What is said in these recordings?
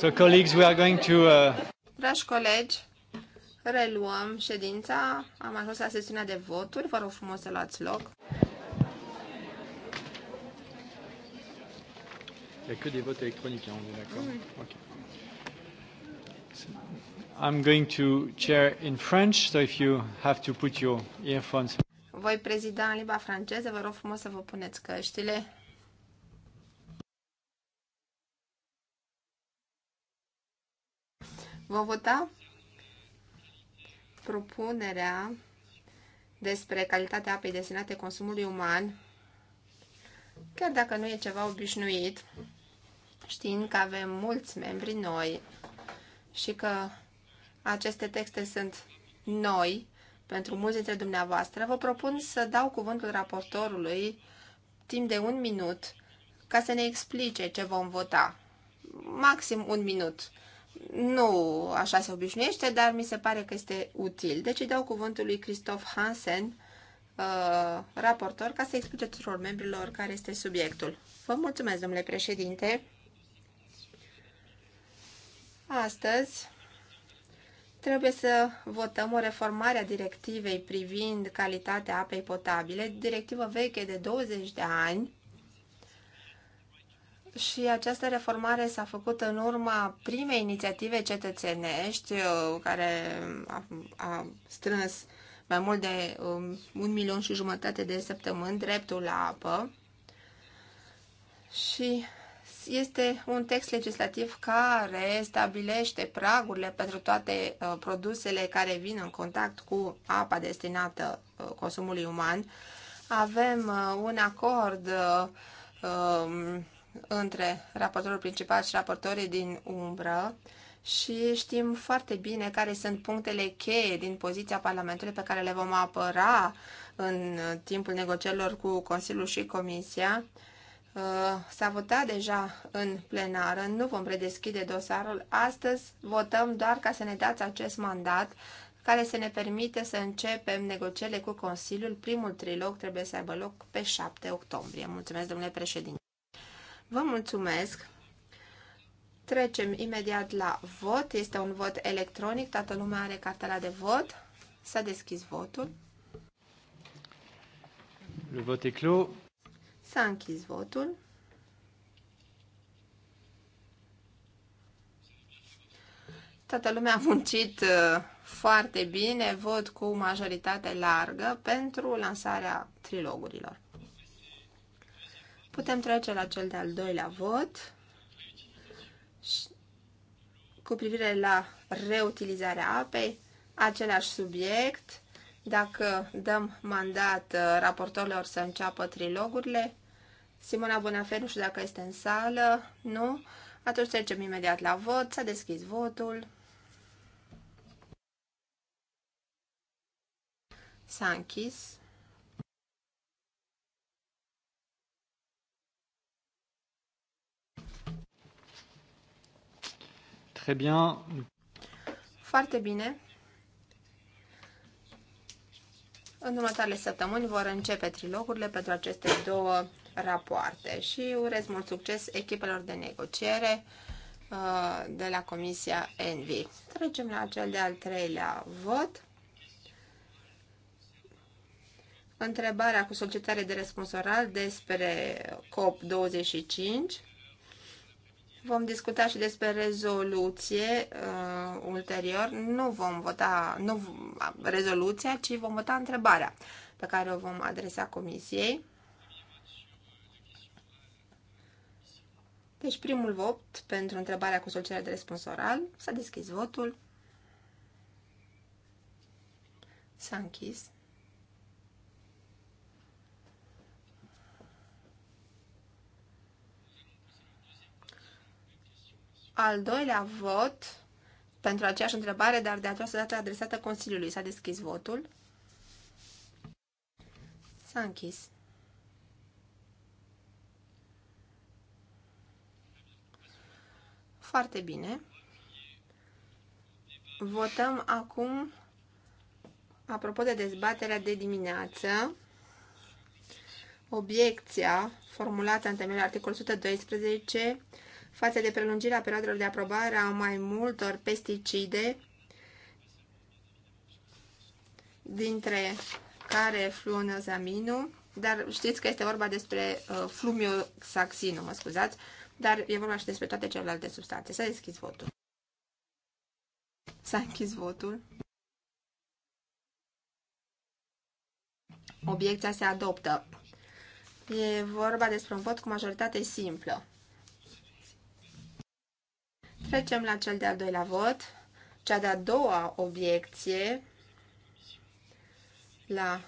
So, colleagues, we are going to... Uh... Dragi colegi, reluăm ședința. Am ajuns la sesiunea de voturi. Vă rog frumos să luați loc. Il n'y a que des votes électroniques, hein, on est d'accord oui. okay. so, I'm going to chair in French, so if you have to put your earphones... Voi prezida în limba franceză, vă rog frumos să vă puneți căștile. Vom vota propunerea despre calitatea apei destinate consumului uman, chiar dacă nu e ceva obișnuit, știind că avem mulți membri noi și că aceste texte sunt noi pentru mulți dintre dumneavoastră, vă propun să dau cuvântul raportorului timp de un minut ca să ne explice ce vom vota. Maxim un minut nu așa se obișnuiește, dar mi se pare că este util. Deci îi dau cuvântul lui Christoph Hansen, uh, raportor, ca să explice tuturor membrilor care este subiectul. Vă mulțumesc, domnule președinte. Astăzi trebuie să votăm o reformare a directivei privind calitatea apei potabile, directivă veche de 20 de ani, și această reformare s-a făcut în urma primei inițiative cetățenești uh, care a, a strâns mai mult de um, un milion și jumătate de săptămâni dreptul la apă și este un text legislativ care stabilește pragurile pentru toate uh, produsele care vin în contact cu apa destinată uh, consumului uman. Avem uh, un acord uh, um, între raportorul principal și raportorii din umbră și știm foarte bine care sunt punctele cheie din poziția Parlamentului pe care le vom apăra în timpul negocierilor cu Consiliul și Comisia. Uh, s-a votat deja în plenară, nu vom redeschide dosarul. Astăzi votăm doar ca să ne dați acest mandat care să ne permite să începem negocierile cu Consiliul. Primul trilog trebuie să aibă loc pe 7 octombrie. Mulțumesc, domnule președinte. Vă mulțumesc! Trecem imediat la vot. Este un vot electronic. Toată lumea are cartela de vot. S-a deschis votul. Le vot e clos. S-a închis votul. Toată lumea a muncit uh, foarte bine, vot cu majoritate largă pentru lansarea trilogurilor. Putem trece la cel de-al doilea vot cu privire la reutilizarea apei, același subiect, dacă dăm mandat uh, raportorilor să înceapă trilogurile, Simona Bonafer, nu știu dacă este în sală, nu? Atunci trecem imediat la vot, s-a deschis votul. S-a închis. Très bien. Foarte bine. În următoarele săptămâni vor începe trilogurile pentru aceste două rapoarte și urez mult succes echipelor de negociere uh, de la Comisia Envi. Trecem la cel de-al treilea vot. Întrebarea cu solicitare de răspuns oral despre COP25. Vom discuta și despre rezoluție uh, ulterior. Nu vom vota nu, rezoluția, ci vom vota întrebarea pe care o vom adresa comisiei. Deci primul vot pentru întrebarea cu solicitare de răspuns oral. S-a deschis votul. S-a închis. al doilea vot pentru aceeași întrebare, dar de această dată adresată Consiliului. S-a deschis votul. S-a închis. Foarte bine. Votăm acum, apropo de dezbaterea de dimineață, obiecția formulată în temeiul articolul 112 față de prelungirea perioadelor de aprobare a mai multor pesticide, dintre care fluonazaminul, dar știți că este vorba despre uh, flumioxaxinul, mă scuzați, dar e vorba și despre toate celelalte substanțe. S-a deschis votul. S-a închis votul. Obiecția se adoptă. E vorba despre un vot cu majoritate simplă. Trecem la cel de-al doilea vot. Cea de-a doua obiecție la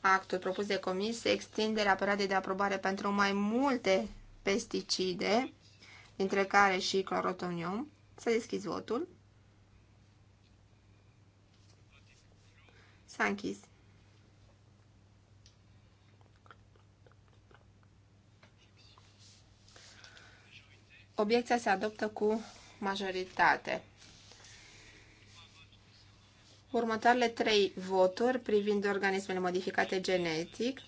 actul propus de comisie, extinderea perioadei de aprobare pentru mai multe pesticide, dintre care și clorotonium. Să deschizi votul. S-a închis. Obiecția se adoptă cu majoritate. Următoarele trei voturi privind organismele modificate genetic.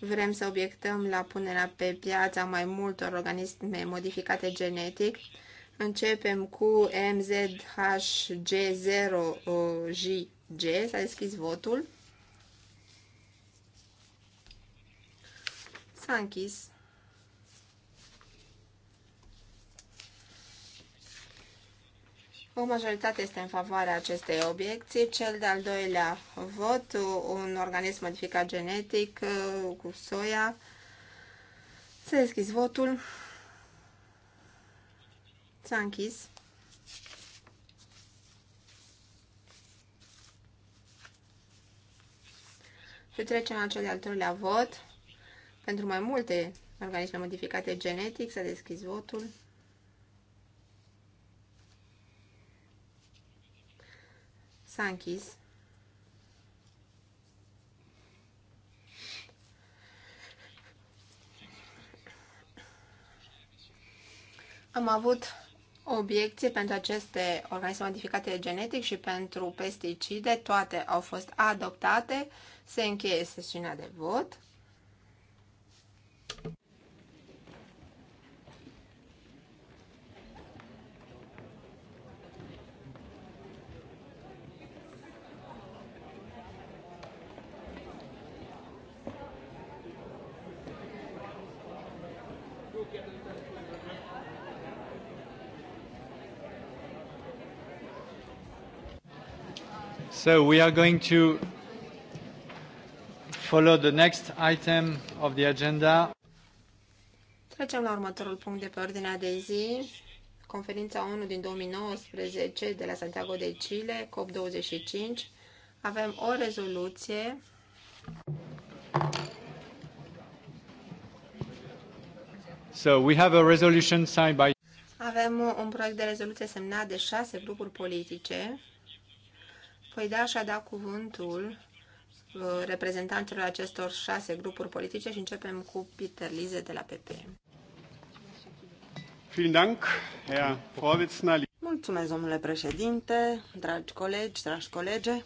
Vrem să obiectăm la punerea pe piața mai multor organisme modificate genetic. Începem cu MZHG0JG. S-a deschis votul. S-a închis. O majoritate este în favoarea acestei obiecții. Cel de-al doilea vot, un organism modificat genetic uh, cu soia. S-a deschis votul. S-a închis. Și trecem la cel de-al treilea vot. Pentru mai multe organisme modificate genetic, s-a deschis votul. S-a închis. Am avut obiecție pentru aceste organisme modificate genetic și pentru pesticide. Toate au fost adoptate. Se încheie sesiunea de vot. So we are going to follow the next item of the agenda. Trecem la următorul punct de pe ordinea de zi. Conferința 1 din 2019 de la Santiago de Chile, COP25. Avem o rezoluție So we have a resolution signed by Avem un proiect de rezoluție semnat de șase grupuri politice Păi da, și-a dat cuvântul uh, reprezentanților acestor șase grupuri politice și începem cu Peter Lize de la PP. Mulțumesc, domnule președinte, dragi colegi, dragi colege.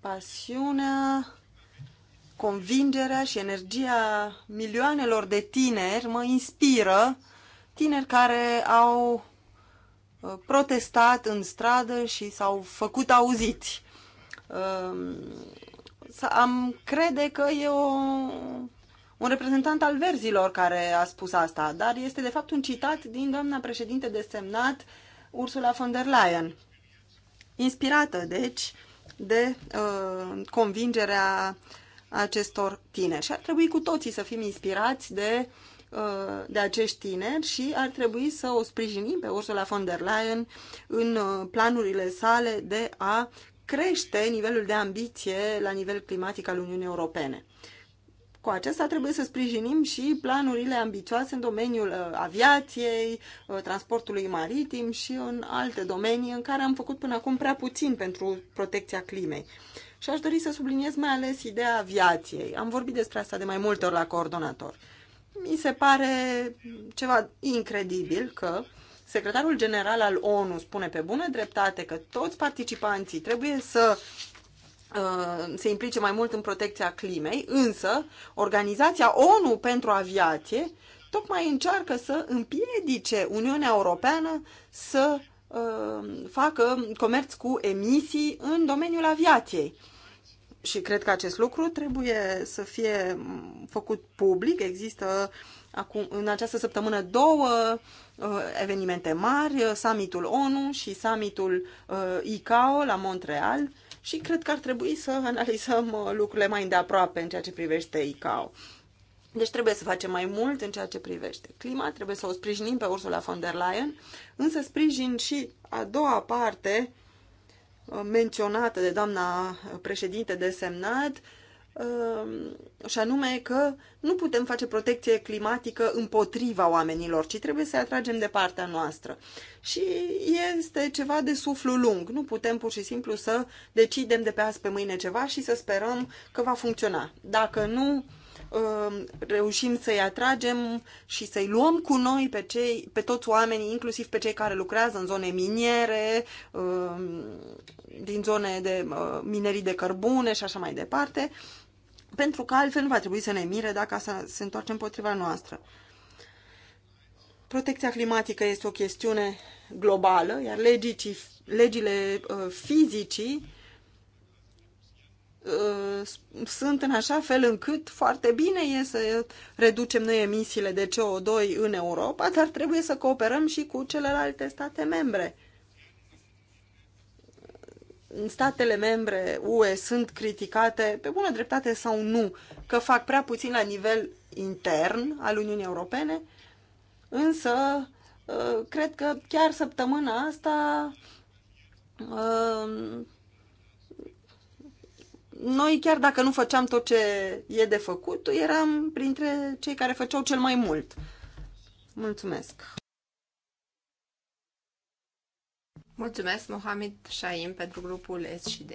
Pasiunea, convingerea și energia milioanelor de tineri mă inspiră, tineri care au Uh, protestat în stradă și s-au făcut auziți. Um, am crede că e o, un reprezentant al verzilor care a spus asta, dar este de fapt un citat din doamna președinte desemnat Ursula von der Leyen. Inspirată, deci, de uh, convingerea acestor tineri. Și ar trebui cu toții să fim inspirați de uh, de acești tineri și ar trebui să o sprijinim pe Ursula von der Leyen în uh, planurile sale de a crește nivelul de ambiție la nivel climatic al Uniunii Europene. Cu acesta trebuie să sprijinim și planurile ambițioase în domeniul uh, aviației, uh, transportului maritim și în alte domenii în care am făcut până acum prea puțin pentru protecția climei. Și aș dori să subliniez mai ales ideea aviației. Am vorbit despre asta de mai multe ori la coordonator mi se pare ceva incredibil că secretarul general al ONU spune pe bună dreptate că toți participanții trebuie să uh, se implice mai mult în protecția climei, însă Organizația ONU pentru Aviație tocmai încearcă să împiedice Uniunea Europeană să uh, facă comerț cu emisii în domeniul aviației și cred că acest lucru trebuie să fie făcut public. Există acum, în această săptămână două uh, evenimente mari, uh, summitul ONU și summitul uh, ICAO la Montreal și cred că ar trebui să analizăm lucrurile mai îndeaproape în ceea ce privește ICAO. Deci trebuie să facem mai mult în ceea ce privește clima, trebuie să o sprijinim pe Ursula von der Leyen, însă sprijin și a doua parte menționată de doamna președinte semnat, um, și anume că nu putem face protecție climatică împotriva oamenilor, ci trebuie să atragem de partea noastră. Și este ceva de suflu lung. Nu putem pur și simplu să decidem de pe azi pe mâine ceva și să sperăm că va funcționa. Dacă nu, Um, reușim să-i atragem și să-i luăm cu noi pe, cei, pe toți oamenii, inclusiv pe cei care lucrează în zone miniere, um, din zone de uh, minerii de cărbune și așa mai departe, pentru că altfel nu va trebui să ne mire dacă asta se întoarce împotriva noastră. Protecția climatică este o chestiune globală, iar legii, legile uh, fizicii Uh, sunt în așa fel încât foarte bine e să reducem noi emisiile de CO2 în Europa, dar trebuie să cooperăm și cu celelalte state membre. Statele membre UE sunt criticate, pe bună dreptate sau nu, că fac prea puțin la nivel intern al Uniunii Europene, însă uh, cred că chiar săptămâna asta uh, noi, chiar dacă nu făceam tot ce e de făcut, eram printre cei care făceau cel mai mult. Mulțumesc! Mulțumesc, Mohamed Shaim, pentru grupul S și D.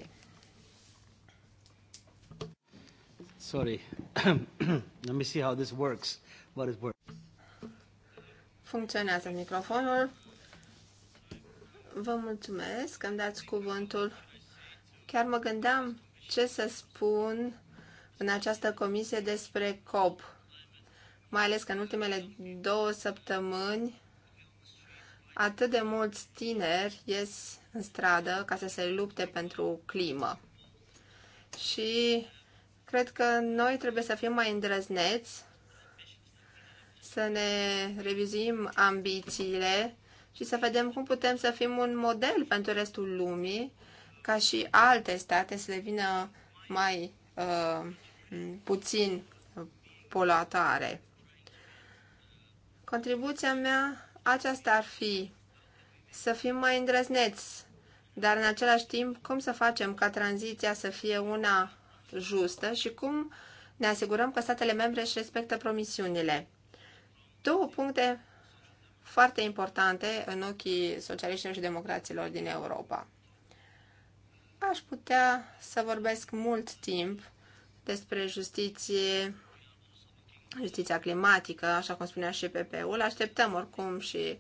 Sorry. Let me see how this works. What is work? Funcționează microfonul. Vă mulțumesc că îmi dați cuvântul. Chiar mă gândeam ce să spun în această comisie despre COP, mai ales că în ultimele două săptămâni atât de mulți tineri ies în stradă ca să se lupte pentru climă. Și cred că noi trebuie să fim mai îndrăzneți, să ne revizuim ambițiile și să vedem cum putem să fim un model pentru restul lumii ca și alte state să devină mai uh, puțin uh, poluatoare. Contribuția mea aceasta ar fi să fim mai îndrăzneți, dar în același timp cum să facem ca tranziția să fie una justă și cum ne asigurăm că statele membre își respectă promisiunile. Două puncte foarte importante în ochii socialiștilor și democraților din Europa. Aș putea să vorbesc mult timp despre justiție, justiția climatică, așa cum spunea și PP-ul. Așteptăm oricum și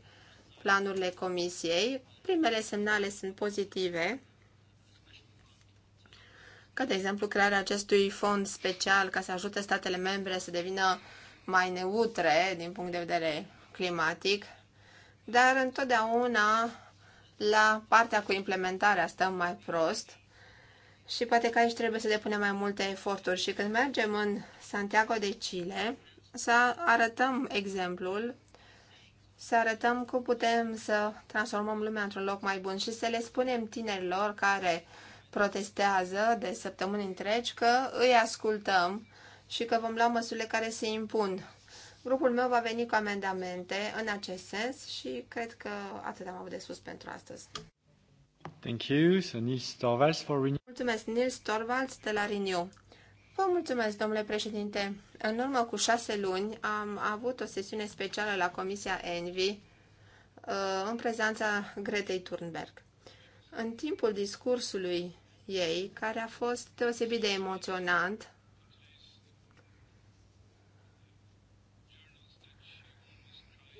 planurile comisiei. Primele semnale sunt pozitive, ca de exemplu crearea acestui fond special ca să ajute statele membre să devină mai neutre din punct de vedere climatic, dar întotdeauna la partea cu implementarea stăm mai prost și poate că aici trebuie să depunem mai multe eforturi și când mergem în Santiago de Chile să arătăm exemplul, să arătăm cum putem să transformăm lumea într-un loc mai bun și să le spunem tinerilor care protestează de săptămâni întregi că îi ascultăm și că vom lua măsurile care se impun Grupul meu va veni cu amendamente în acest sens și cred că atât am avut de spus pentru astăzi. Thank you. So Nils Torvalds for Renew. Mulțumesc, Nils Torvalds de la Renew. Vă mulțumesc, domnule președinte. În urmă cu șase luni am avut o sesiune specială la Comisia Envi uh, în prezența Gretei Turnberg. În timpul discursului ei, care a fost deosebit de emoționant,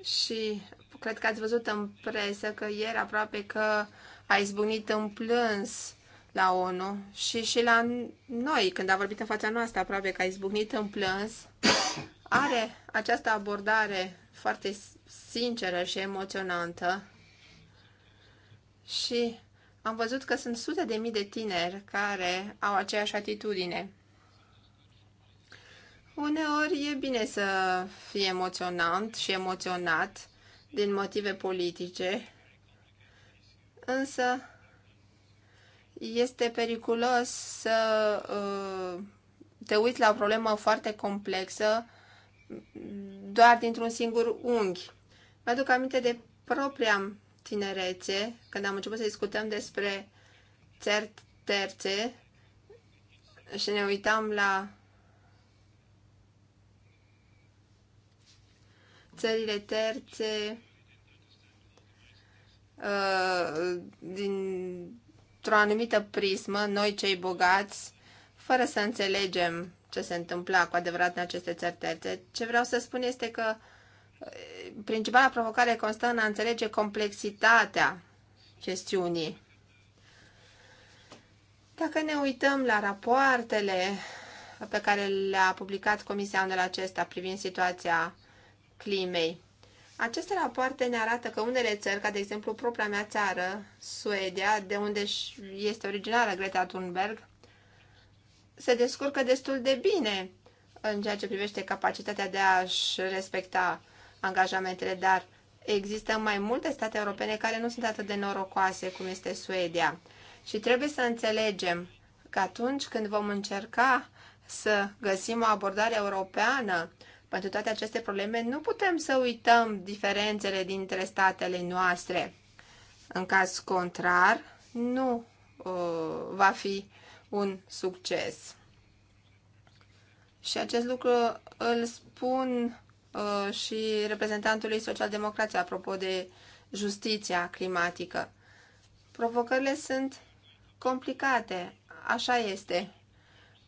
și cred că ați văzut în presă că ieri aproape că a izbucnit în plâns la ONU și și la noi, când a vorbit în fața noastră, aproape că a izbucnit în plâns, are această abordare foarte sinceră și emoționantă și am văzut că sunt sute de mii de tineri care au aceeași atitudine. Uneori e bine să fii emoționant și emoționat din motive politice, însă este periculos să uh, te uiți la o problemă foarte complexă doar dintr-un singur unghi. Mă aduc aminte de propria tinerețe, când am început să discutăm despre țări terțe și ne uitam la țările terțe uh, dintr-o anumită prismă, noi cei bogați, fără să înțelegem ce se întâmpla cu adevărat în aceste țări terțe. Ce vreau să spun este că uh, principala provocare constă în a înțelege complexitatea chestiunii. Dacă ne uităm la rapoartele pe care le-a publicat Comisia anul acesta privind situația climei. Aceste rapoarte ne arată că unele țări, ca de exemplu propria mea țară, Suedia, de unde este originară Greta Thunberg, se descurcă destul de bine în ceea ce privește capacitatea de a-și respecta angajamentele, dar există mai multe state europene care nu sunt atât de norocoase cum este Suedia. Și trebuie să înțelegem că atunci când vom încerca să găsim o abordare europeană pentru toate aceste probleme nu putem să uităm diferențele dintre statele noastre. În caz contrar, nu uh, va fi un succes. Și acest lucru îl spun uh, și reprezentantului social-democrație apropo de justiția climatică. Provocările sunt complicate, așa este.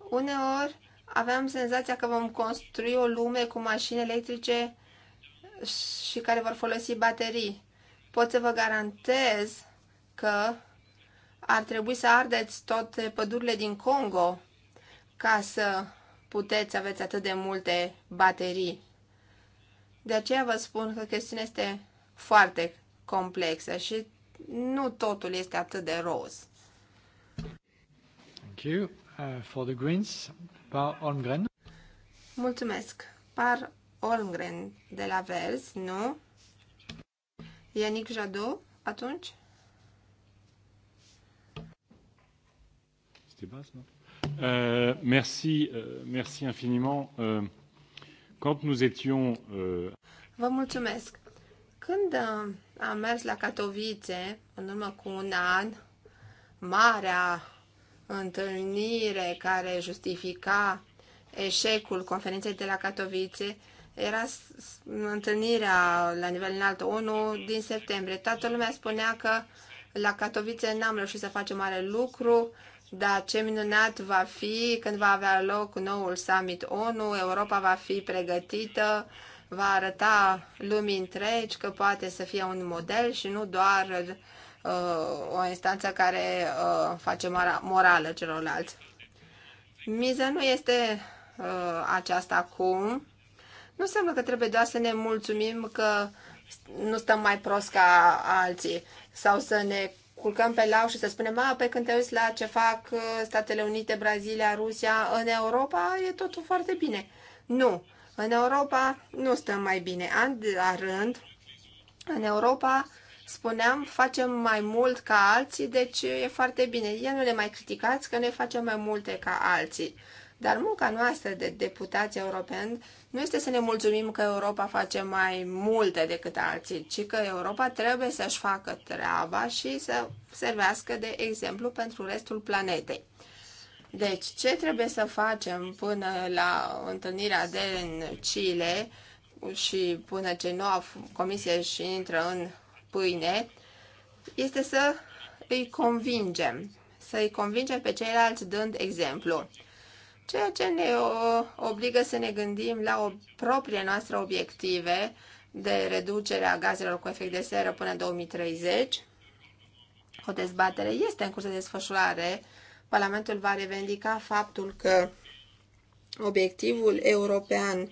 Uneori aveam senzația că vom construi o lume cu mașini electrice și care vor folosi baterii. Pot să vă garantez că ar trebui să ardeți toate pădurile din Congo ca să puteți aveți atât de multe baterii. De aceea vă spun că chestiunea este foarte complexă și nu totul este atât de roz. Thank you. Uh, for the Greens, Par Olmgren? Mulțumesc. Par Olmgren de la Vers, nu? Yannick Jadot, atunci? C'était basse, non euh, Merci, euh, merci infiniment. Euh, quand nous étions... Euh... Vă mulțumesc. Când euh, am mers la Katowice, în urmă cu un an, marea întâlnire care justifica eșecul conferinței de la Katowice era întâlnirea la nivel înalt ONU din septembrie. Toată lumea spunea că la Katowice n-am reușit să facem mare lucru, dar ce minunat va fi când va avea loc noul summit ONU, Europa va fi pregătită, va arăta lumii întregi că poate să fie un model și nu doar Uh, o instanță care uh, face morală celorlalți. Miza nu este uh, aceasta acum. Nu înseamnă că trebuie doar să ne mulțumim că nu stăm mai prost ca alții sau să ne culcăm pe lau și să spunem, a, pe când te uiți la ce fac Statele Unite, Brazilia, Rusia, în Europa e totul foarte bine. Nu, în Europa nu stăm mai bine. An la rând, în Europa spuneam, facem mai mult ca alții, deci e foarte bine. Ia nu ne mai criticați că noi facem mai multe ca alții. Dar munca noastră de deputați europeni nu este să ne mulțumim că Europa face mai multe decât alții, ci că Europa trebuie să-și facă treaba și să servească de exemplu pentru restul planetei. Deci, ce trebuie să facem până la întâlnirea de în Chile și până ce noua comisie și intră în pâine este să îi convingem, să îi convingem pe ceilalți dând exemplu. Ceea ce ne obligă să ne gândim la o proprie noastră obiective de reducere a gazelor cu efect de seră până în 2030. O dezbatere este în curs de desfășurare. Parlamentul va revendica faptul că obiectivul european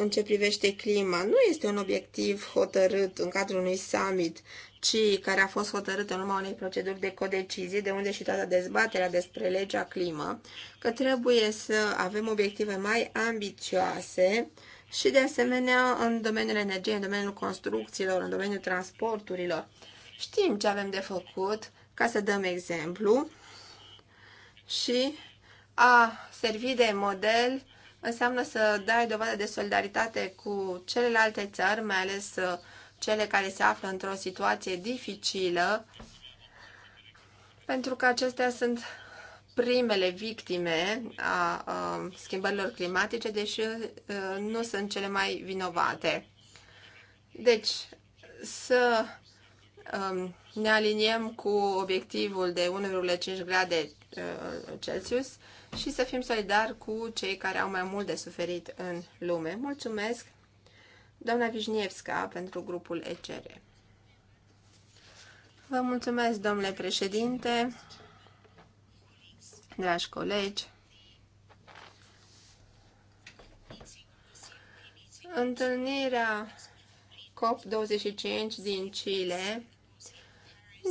în ce privește clima nu este un obiectiv hotărât în cadrul unui summit, ci care a fost hotărât în urma unei proceduri de codecizie, de unde și toată dezbaterea despre legea climă, că trebuie să avem obiective mai ambițioase și, de asemenea, în domeniul energiei, în domeniul construcțiilor, în domeniul transporturilor. Știm ce avem de făcut, ca să dăm exemplu, și a servi de model înseamnă să dai dovadă de solidaritate cu celelalte țări, mai ales uh, cele care se află într-o situație dificilă, pentru că acestea sunt primele victime a, a schimbărilor climatice, deși a, uh, nu sunt cele mai vinovate. Deci, să a, um, ne aliniem cu obiectivul de 1,5 grade uh, Celsius și să fim solidari cu cei care au mai mult de suferit în lume. Mulțumesc, doamna Vișnievska, pentru grupul ECR. Vă mulțumesc, domnule președinte, dragi colegi. Întâlnirea COP25 din Chile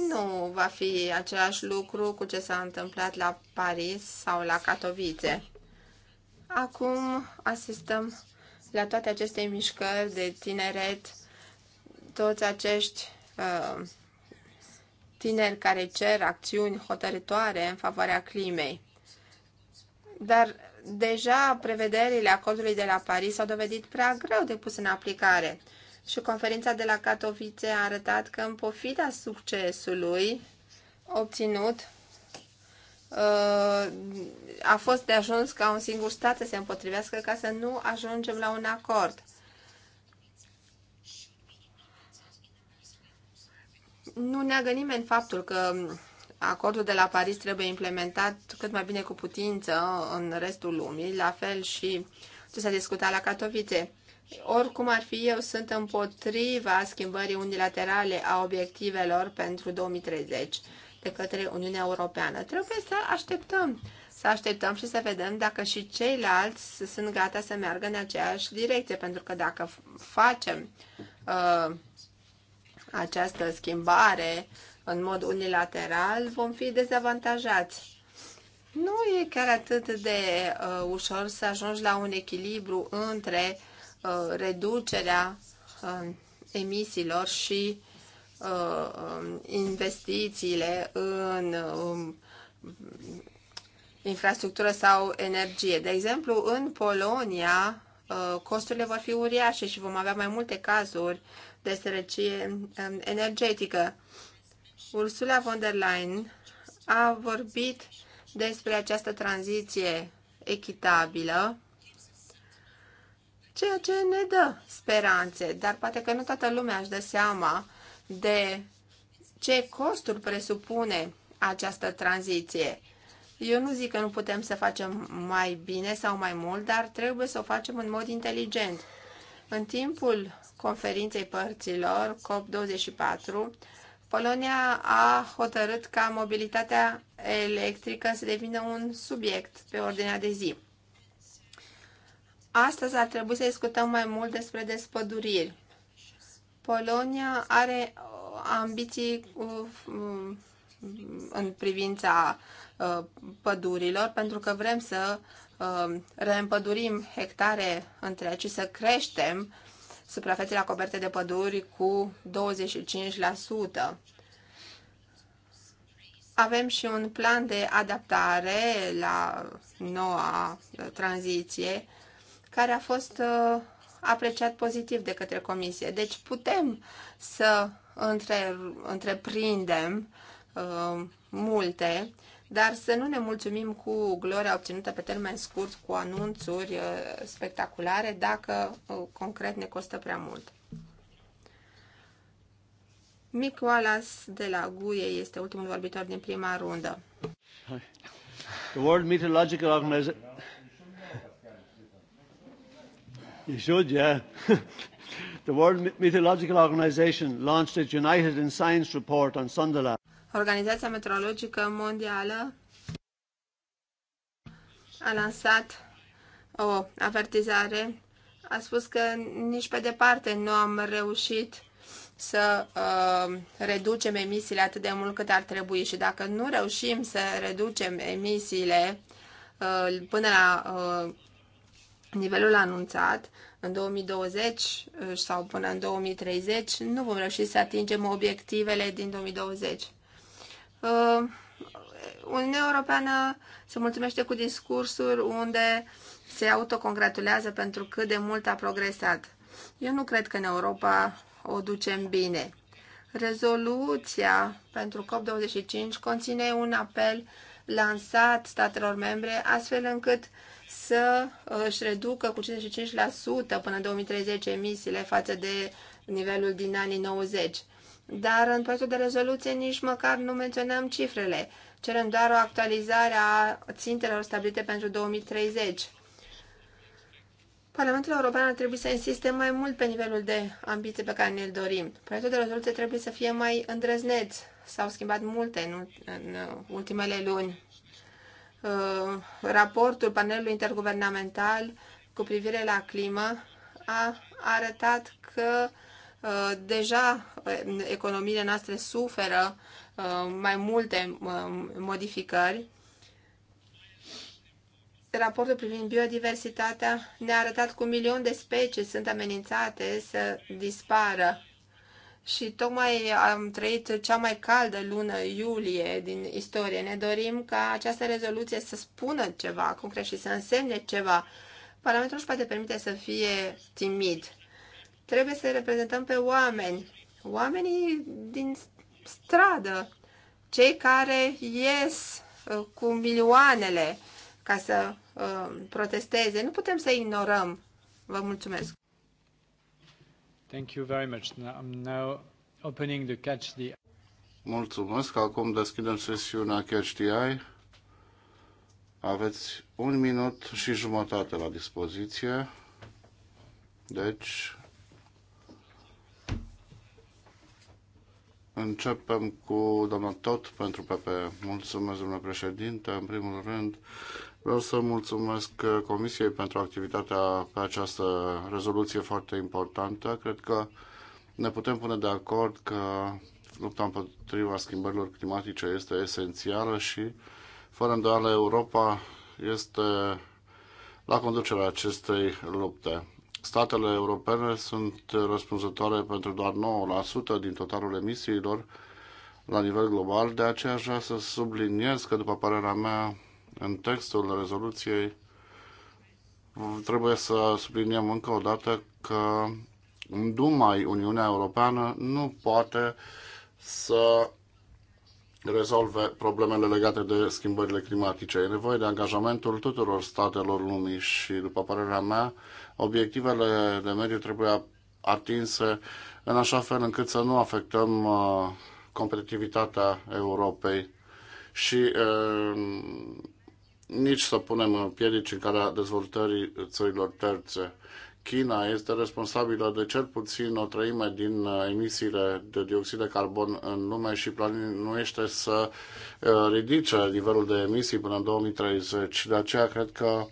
nu va fi același lucru cu ce s-a întâmplat la Paris sau la Katowice. Acum asistăm la toate aceste mișcări de tineret, toți acești uh, tineri care cer acțiuni hotărătoare în favoarea climei. Dar deja prevederile acordului de la Paris s-au dovedit prea greu de pus în aplicare și conferința de la Katowice a arătat că în pofida succesului obținut uh, a fost de ajuns ca un singur stat să se împotrivească ca să nu ajungem la un acord. Nu neagă nimeni faptul că acordul de la Paris trebuie implementat cât mai bine cu putință în restul lumii, la fel și ce s-a discutat la Katowice. Oricum ar fi, eu sunt împotriva schimbării unilaterale a obiectivelor pentru 2030 de către Uniunea Europeană. Trebuie să așteptăm, să așteptăm și să vedem dacă și ceilalți sunt gata să meargă în aceeași direcție, pentru că dacă facem uh, această schimbare în mod unilateral, vom fi dezavantajați. Nu e chiar atât de uh, ușor să ajungi la un echilibru între uh, Uh, reducerea uh, emisiilor și uh, um, investițiile în um, infrastructură sau energie. De exemplu, în Polonia costurile vor fi uriașe și vom avea mai multe cazuri de sărăcie um, energetică. Ursula von der Leyen a vorbit despre această tranziție echitabilă ceea ce ne dă speranțe, dar poate că nu toată lumea își dă seama de ce costuri presupune această tranziție. Eu nu zic că nu putem să facem mai bine sau mai mult, dar trebuie să o facem în mod inteligent. În timpul conferinței părților COP24, Polonia a hotărât ca mobilitatea electrică să devină un subiect pe ordinea de zi. Astăzi ar trebui să discutăm mai mult despre despăduriri. Polonia are uh, ambiții uh, în privința uh, pădurilor, pentru că vrem să reîmpădurim hectare întregi și să creștem suprafețele acoperte de păduri cu 25%. Avem și un plan de adaptare la noua tranziție care a fost uh, apreciat pozitiv de către comisie. Deci putem să între, întreprindem uh, multe, dar să nu ne mulțumim cu gloria obținută pe termen scurt, cu anunțuri uh, spectaculare, dacă uh, concret ne costă prea mult. Mick Wallace de la GUE este ultimul vorbitor din prima rundă. The World Meteorological Organization You should, yeah. the World Meteorological Organization launched its United in Science report on Sunderland. Organizația Meteorologică Mondială a lansat o avertizare. A spus că nici pe departe nu am reușit să uh, reducem emisiile atât de mult cât ar trebui și dacă nu reușim să reducem emisiile uh, până la uh, nivelul anunțat în 2020 uh, sau până în 2030, nu vom reuși să atingem obiectivele din 2020. Uh, Uniunea Europeană se mulțumește cu discursuri unde se autocongratulează pentru cât de mult a progresat. Eu nu cred că în Europa o ducem bine. Rezoluția pentru COP25 conține un apel lansat statelor membre, astfel încât să uh, își reducă cu 55% până în 2030 emisiile față de nivelul din anii 90. Dar în proiectul de rezoluție nici măcar nu menționăm cifrele. Cerem doar o actualizare a țintelor stabilite pentru 2030. Parlamentul European ar trebui să insiste mai mult pe nivelul de ambiție pe care ne-l dorim. Proiectul de rezoluție trebuie să fie mai îndrăzneț, S-au schimbat multe în, în ultimele luni. Uh, raportul panelului interguvernamental cu privire la climă a arătat că uh, deja uh, economiile noastre suferă mai multe modificări. Raportul privind biodiversitatea ne-a arătat cum milion de specii sunt amenințate să dispară și tocmai am trăit cea mai caldă lună iulie din istorie. Ne dorim ca această rezoluție să spună ceva concret și să însemne ceva. Parlamentul își poate permite să fie timid. Trebuie să reprezentăm pe oameni, oamenii din stradă, cei care ies uh, cu milioanele ca să uh, protesteze. Nu putem să ignorăm. Vă mulțumesc! Thank you very much. I'm now opening the catch the... Mulțumesc. Acum deschidem sesiunea Catch the Eye. Aveți un minut și jumătate la dispoziție. Deci, începem cu doamna Tot pentru PP. Mulțumesc, domnule președinte. În primul rând, Vreau să mulțumesc uh, Comisiei pentru activitatea pe această rezoluție foarte importantă. Cred că ne putem pune de acord că lupta împotriva schimbărilor climatice este esențială și, fără îndoială, Europa este la conducerea acestei lupte. Statele europene sunt răspunzătoare pentru doar 9% din totalul emisiilor la nivel global, de aceea aș vrea să subliniez că, după părerea mea, în textul rezoluției trebuie să subliniem încă o dată că numai Uniunea Europeană nu poate să rezolve problemele legate de schimbările climatice. E nevoie de angajamentul tuturor statelor lumii și, după părerea mea, obiectivele de mediu trebuie atinse în așa fel încât să nu afectăm uh, competitivitatea Europei și uh, nici să punem piedici în calea dezvoltării țărilor terțe. China este responsabilă de cel puțin o treime din uh, emisiile de dioxid de carbon în lume și planuiește să uh, ridice nivelul de emisii până în 2030. De aceea cred că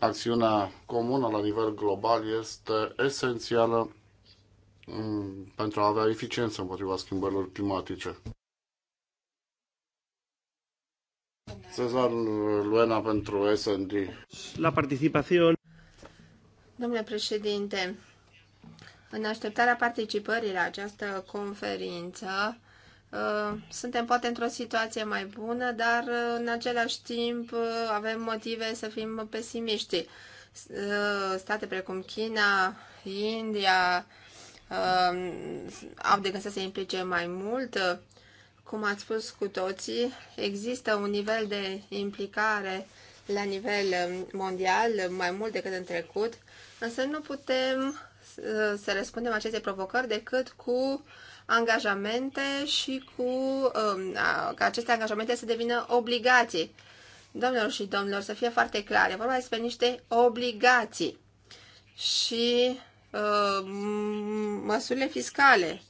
acțiunea comună la nivel global este esențială mm, pentru a avea eficiență împotriva schimbărilor climatice. Cezar Luena pentru S&D. La participație. Domnule președinte, în așteptarea participării la această conferință, uh, suntem poate într-o situație mai bună, dar uh, în același timp uh, avem motive să fim pesimiști. State precum China, India au de gând să se implice mai mult cum ați spus cu toții, există un nivel de implicare la nivel um, mondial mai mult decât în trecut, însă nu putem uh, să răspundem aceste provocări decât cu angajamente și cu um, ca aceste angajamente să devină obligații. Domnilor și domnilor, să fie foarte clare, vorba despre niște obligații și uh, măsurile fiscale,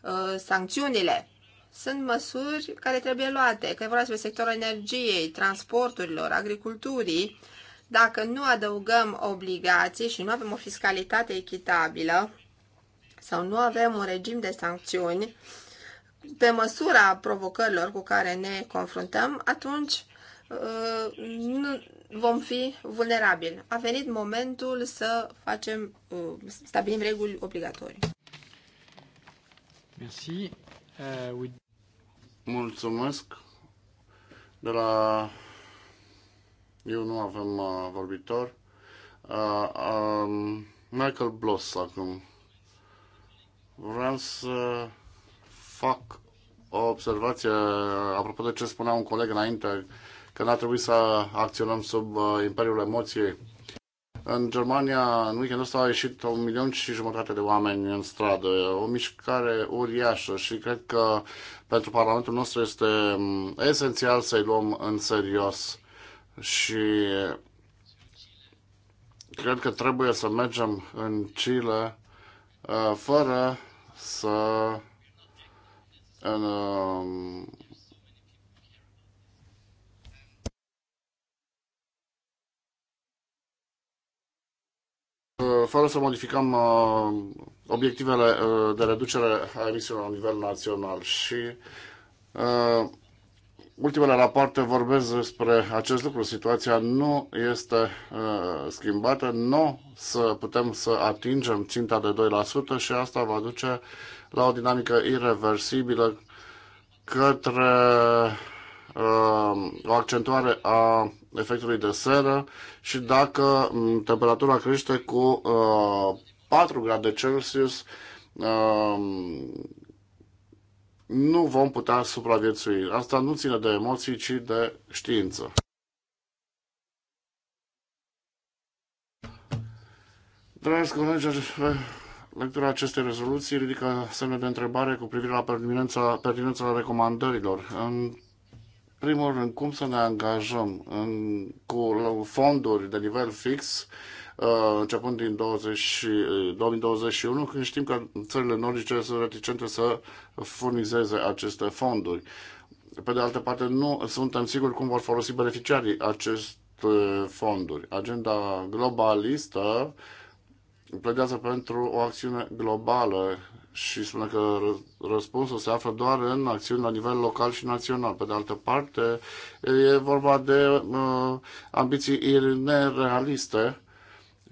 uh, sancțiunile sunt măsuri care trebuie luate, că e vorba despre sectorul energiei, transporturilor, agriculturii. Dacă nu adăugăm obligații și nu avem o fiscalitate echitabilă sau nu avem un regim de sancțiuni pe măsura provocărilor cu care ne confruntăm, atunci uh, nu vom fi vulnerabili. A venit momentul să facem, uh, stabilim reguli obligatorii. Merci. Uh, Mulțumesc. De la... Eu nu avem uh, vorbitor. Uh, uh, Michael Bloss acum. Vreau să fac o observație uh, apropo de ce spunea un coleg înainte, că n-ar trebui să acționăm sub uh, imperiul emoției. În Germania, în weekendul ăsta, au ieșit un milion și jumătate de oameni în stradă. O mișcare uriașă și cred că pentru Parlamentul nostru este esențial să-i luăm în serios. Și cred că trebuie să mergem în Chile uh, fără să uh, Uh, fără să modificăm uh, obiectivele uh, de reducere a emisiilor la nivel național. Și ultimele rapoarte vorbesc despre acest lucru. Situația nu este uh, schimbată, nu să putem să atingem ținta de 2% și asta va duce la o dinamică irreversibilă către uh, o accentuare a efectului de seră și dacă mm, temperatura crește cu uh, 4 grade Celsius, uh, nu vom putea supraviețui. Asta nu ține de emoții, ci de știință. Dragi colegi, lectura acestei rezoluții ridică semne de întrebare cu privire la pertinența, pertinența recomandărilor. În primul rând, cum să ne angajăm în, cu fonduri de nivel fix uh, începând din 20, 2021, uh, când știm că țările nordice sunt reticente să furnizeze aceste fonduri. Pe de altă parte, nu suntem siguri cum vor folosi beneficiarii aceste fonduri. Agenda globalistă pledează pentru o acțiune globală și spune că răspunsul se află doar în acțiuni la nivel local și național. Pe de altă parte, e vorba de uh, ambiții nerealiste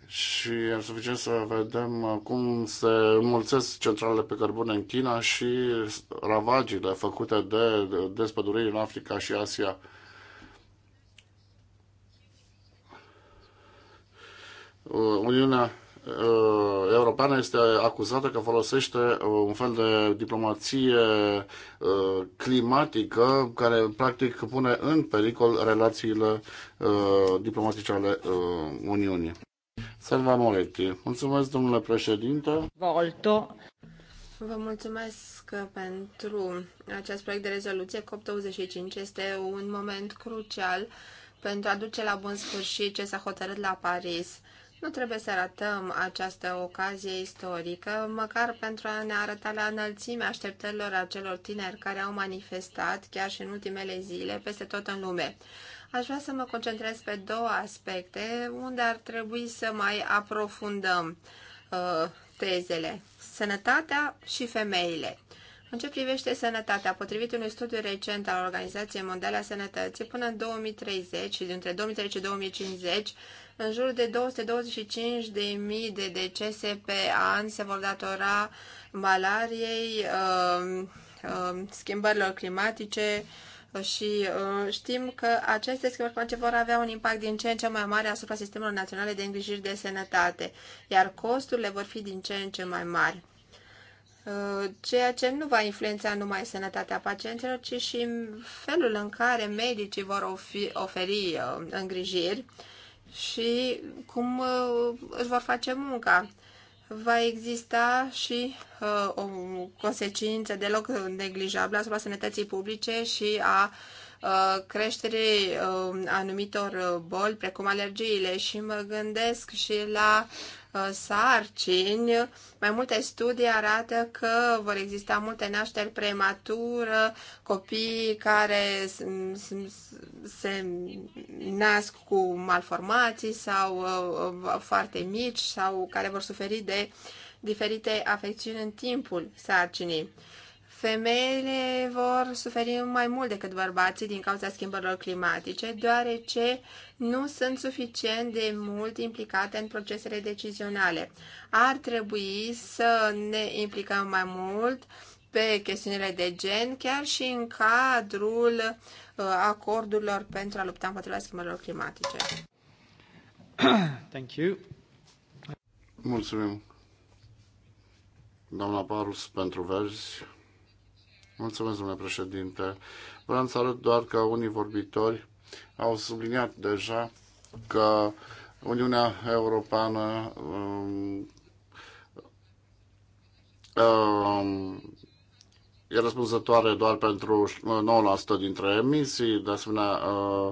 și e suficient să vedem cum se înmulțesc centralele pe cărbune în China și ravagile făcute de despăduriri în Africa și Asia. Uniunea Uh, europeană este acuzată că folosește uh, un fel de diplomație uh, climatică care practic pune în pericol relațiile diplomatice ale Uniunii. Salva Moretti. Mulțumesc, domnule președinte. Volto. Vă mulțumesc pentru acest proiect de rezoluție. COP25 este un moment crucial pentru a duce la bun sfârșit ce s-a hotărât la Paris nu trebuie să ratăm această ocazie istorică, măcar pentru a ne arăta la înălțime așteptărilor acelor tineri care au manifestat, chiar și în ultimele zile, peste tot în lume. Aș vrea să mă concentrez pe două aspecte unde ar trebui să mai aprofundăm uh, tezele. Sănătatea și femeile. În ce privește sănătatea, potrivit unui studiu recent al Organizației Mondiale a Sănătății, până în 2030 și dintre 2030 și 2050, în jur de 225.000 de decese pe an se vor datora malariei, um, um, schimbărilor climatice și uh, știm că aceste schimbări climatice vor avea un impact din ce în ce mai mare asupra sistemelor naționale de îngrijiri de sănătate, iar costurile vor fi din ce în ce mai mari uh, ceea ce nu va influența numai sănătatea pacienților, ci și felul în care medicii vor oferi uh, îngrijiri și cum uh, își vor face munca. Va exista și uh, o consecință deloc neglijabilă asupra sănătății publice și a uh, Uh, creșterii uh, anumitor uh, boli, precum alergiile, și mă gândesc și la sarcini. Mai multe studii arată că vor exista multe nașteri prematură, copii care se nasc cu malformații sau foarte mici sau care vor suferi de diferite afecțiuni în timpul sarcinii. Femeile vor suferi mai mult decât bărbații din cauza schimbărilor climatice, deoarece nu sunt suficient de mult implicate în procesele decizionale. Ar trebui să ne implicăm mai mult pe chestiunile de gen, chiar și în cadrul uh, acordurilor pentru a lupta împotriva schimbărilor climatice. Thank you. Mulțumim. Doamna Parus pentru verzi. Mulțumesc, domnule președinte. Vreau să arăt doar că unii vorbitori au subliniat deja că Uniunea Europeană um, um, e răspunzătoare doar pentru 9% dintre emisii, de asemenea uh,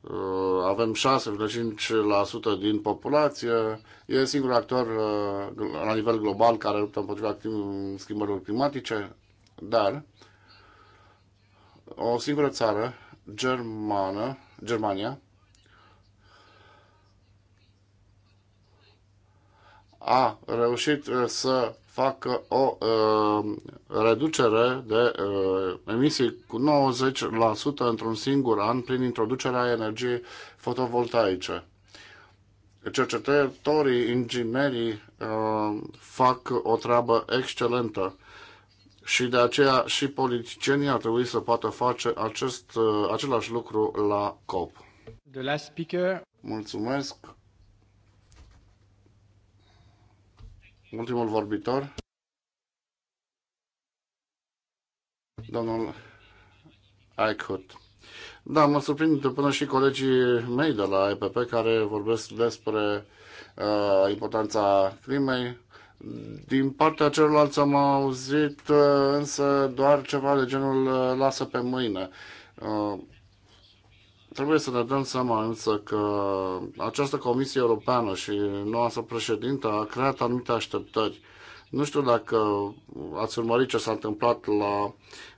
uh, avem 6,5% din populație, e singurul actor uh, la nivel global care luptă împotriva schimbărilor climatice, dar o singură țară, germană, Germania, a reușit uh, să facă o uh, reducere de uh, emisii cu 90% într-un singur an prin introducerea energiei fotovoltaice. Cercetătorii, inginerii uh, fac o treabă excelentă și de aceea și politicienii ar trebui să poată face acest, uh, același lucru la COP. The last speaker. Mulțumesc. Ultimul vorbitor. Domnul Eichhut. Da, mă surprind până și colegii mei de la EPP care vorbesc despre uh, importanța climei, din partea celorlalți am auzit uh, însă doar ceva de genul uh, lasă pe mâine. Uh, trebuie să ne dăm seama însă că această Comisie Europeană și noastră președintă a creat anumite așteptări nu știu dacă ați urmărit ce s-a întâmplat la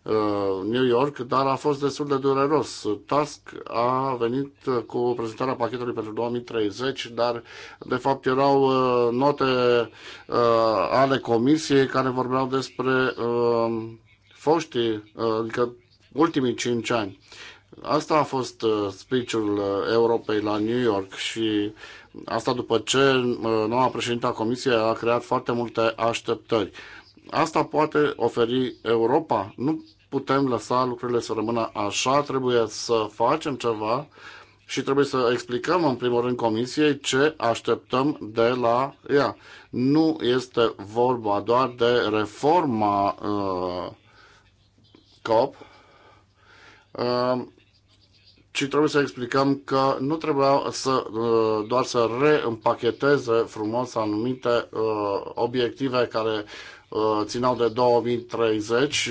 uh, New York, dar a fost destul de dureros. Task a venit uh, cu prezentarea pachetului pentru 2030, dar de fapt erau uh, note uh, ale comisiei care vorbeau despre uh, foștii, uh, adică ultimii cinci ani. Asta a fost uh, speech-ul uh, Europei la New York și uh, Asta după ce noua președinte a Comisiei a creat foarte multe așteptări. Asta poate oferi Europa. Nu putem lăsa lucrurile să rămână așa, trebuie să facem ceva și trebuie să explicăm în primul rând Comisiei ce așteptăm de la ea. Nu este vorba doar de reforma uh, COP, uh, ci trebuie să explicăm că nu trebuia să, uh, doar să reîmpacheteze frumos anumite uh, obiective care uh, țineau de 2030,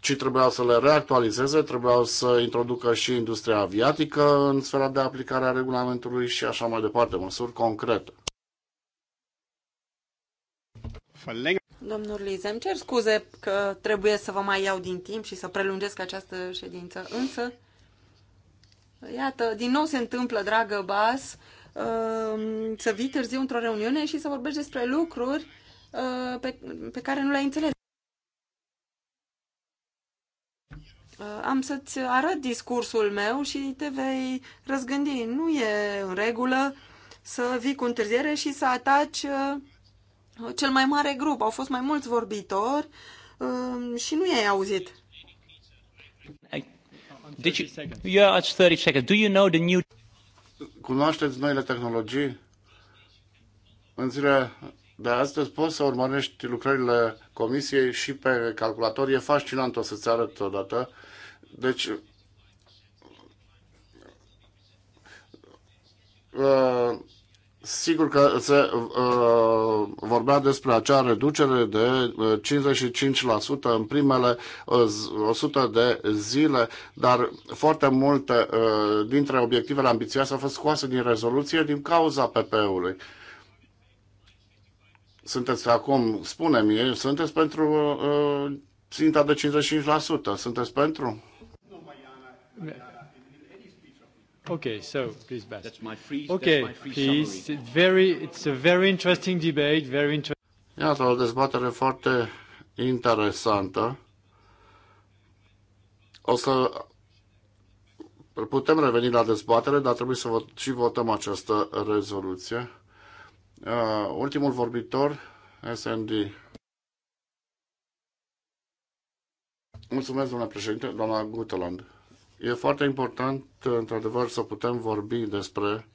ci trebuia să le reactualizeze, trebuia să introducă și industria aviatică în sfera de aplicare a regulamentului și așa mai departe, măsuri concrete. Domnul Lize, îmi cer scuze că trebuie să vă mai iau din timp și să prelungesc această ședință, însă Iată, din nou se întâmplă, dragă Bas, uh, să vii târziu într-o reuniune și să vorbești despre lucruri uh, pe, care nu le-ai înțeles. Uh, am să-ți arăt discursul meu și te vei răzgândi. Nu e în regulă să vii cu întârziere și să ataci cel mai mare grup. Au fost mai mulți vorbitori și nu i-ai auzit. Did deci, you, you're at 30 seconds. Do you know the new... Cunoașteți noile tehnologii? În zilele de astăzi poți să urmărești lucrările comisiei și pe calculator. E fascinant, o să-ți arăt odată. Deci, uh, Sigur că se uh, vorbea despre acea reducere de uh, 55% în primele 100 uh, de zile, dar foarte multe uh, dintre obiectivele ambițioase au fost scoase din rezoluție din cauza PP-ului. Sunteți acum, spune-mi, sunteți pentru uh, ținta de 55%? Sunteți pentru? Nu, Mariana. Okay, so please, Bas. That's my free, okay, that's my free please. Summary. Very, it's a very interesting debate, very interesting. Iată, o dezbatere foarte interesantă. O să putem reveni la dezbatere, dar trebuie să vot, și votăm această rezoluție. Uh, ultimul vorbitor, SND. Mulțumesc, domnule președinte, doamna Guteland. E foarte important, într-adevăr, să putem vorbi despre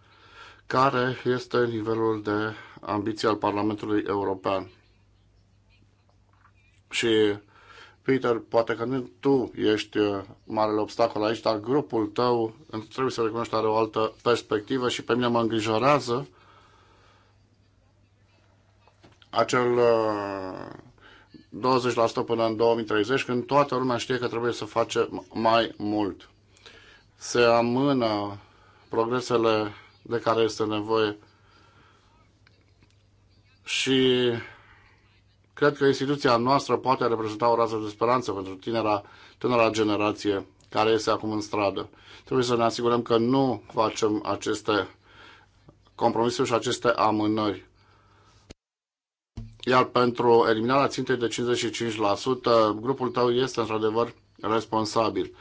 care este nivelul de ambiție al Parlamentului European. Și, Peter, poate că nu tu ești uh, marele obstacol aici, dar grupul tău, trebuie să recunoști, are o altă perspectivă și pe mine mă îngrijorează acel 20% uh, până în 2030, când toată lumea știe că trebuie să facem mai mult se amână progresele de care este nevoie și cred că instituția noastră poate reprezenta o rază de speranță pentru tinera, tânăra generație care este acum în stradă. Trebuie să ne asigurăm că nu facem aceste compromisuri și aceste amânări. Iar pentru eliminarea țintei de 55%, grupul tău este într-adevăr responsabil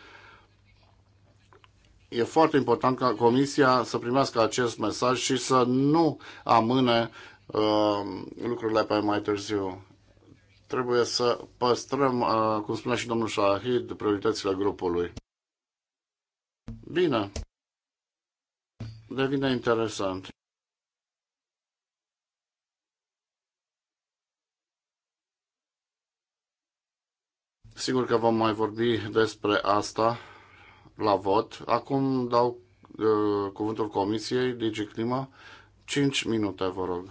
e foarte important ca Comisia să primească acest mesaj și să nu amâne uh, lucrurile pe mai târziu. Trebuie să păstrăm, uh, cum spunea și domnul Shahid, prioritățile grupului. Bine. Devine interesant. Sigur că vom mai vorbi despre asta la vot. Acum dau uh, cuvântul Comisiei DigiClima. 5 minute, vă rog.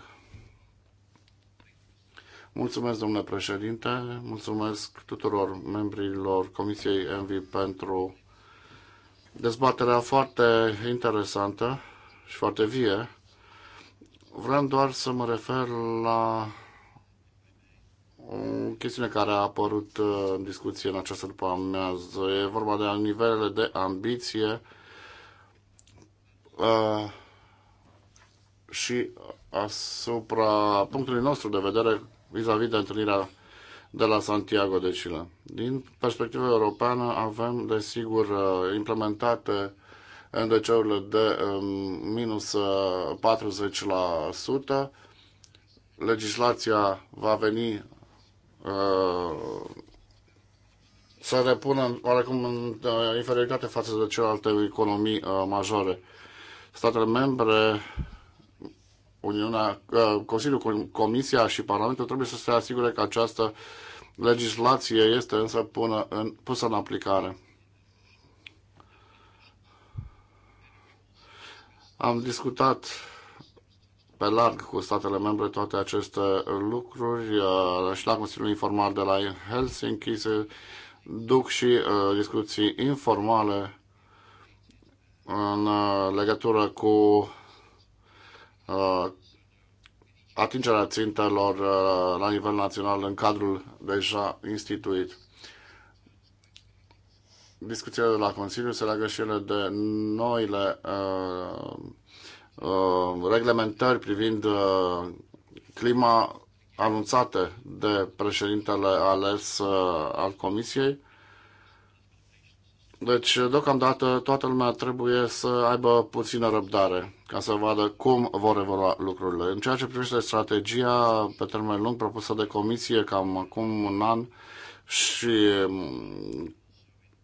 Mulțumesc, domnule președinte, mulțumesc tuturor membrilor Comisiei Envi pentru dezbaterea foarte interesantă și foarte vie. Vreau doar să mă refer la o chestiune care a apărut uh, în discuție în această după amiază. E vorba de nivelele de ambiție uh, și asupra punctului nostru de vedere vis-a-vis -vis de întâlnirea de la Santiago de Chile. Din perspectiva europeană avem, desigur, uh, implementate NDC-urile de um, minus 40%. Legislația va veni Uh, se repună oarecum în uh, inferioritate față de celelalte economii uh, majore. Statele membre, Uniunea, Consiliul, Comisia și Parlamentul trebuie să se asigure că această legislație este însă pună în, pusă în aplicare. Am discutat pe larg cu statele membre toate aceste lucruri uh, și la Consiliul Informal de la Helsinki se duc și uh, discuții informale în uh, legătură cu atingerea țintelor la nivel național în cadrul deja instituit. Discuțiile de la Consiliu se leagă și ele de noile uh, Uh, reglementări privind uh, clima anunțate de președintele ales uh, al Comisiei. Deci, deocamdată, toată lumea trebuie să aibă puțină răbdare ca să vadă cum vor evolua lucrurile. În ceea ce privește strategia pe termen lung propusă de comisie cam acum un an și mm,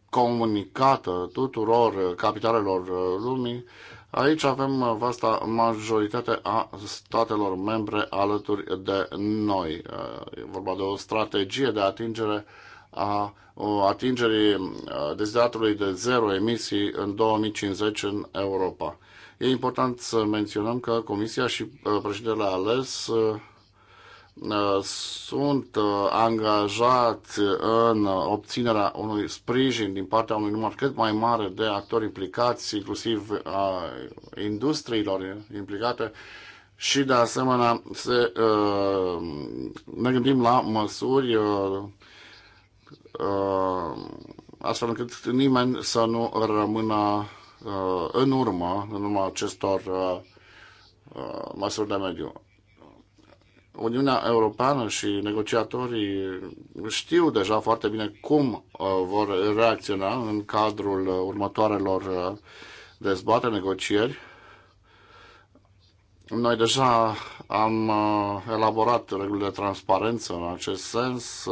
comunicată tuturor capitalelor lumii, Aici avem uh, vasta majoritate a statelor membre alături de noi. Uh, e vorba de o strategie de atingere a atingerii uh, dezidatului de zero emisii în 2050 în Europa. E important să menționăm că Comisia și președintele ales Uh, sunt uh, angajați în obținerea unui sprijin din partea unui număr cât mai mare de actori implicați, inclusiv a uh, industriilor implicate și de asemenea se, ne gândim la măsuri astfel încât nimeni să nu rămână în urmă, în urma acestor măsuri de mediu. Uniunea Europeană și negociatorii știu deja foarte bine cum uh, vor reacționa în cadrul uh, următoarelor uh, dezbateri, negocieri. Noi deja am elaborat reguli de transparență în acest sens.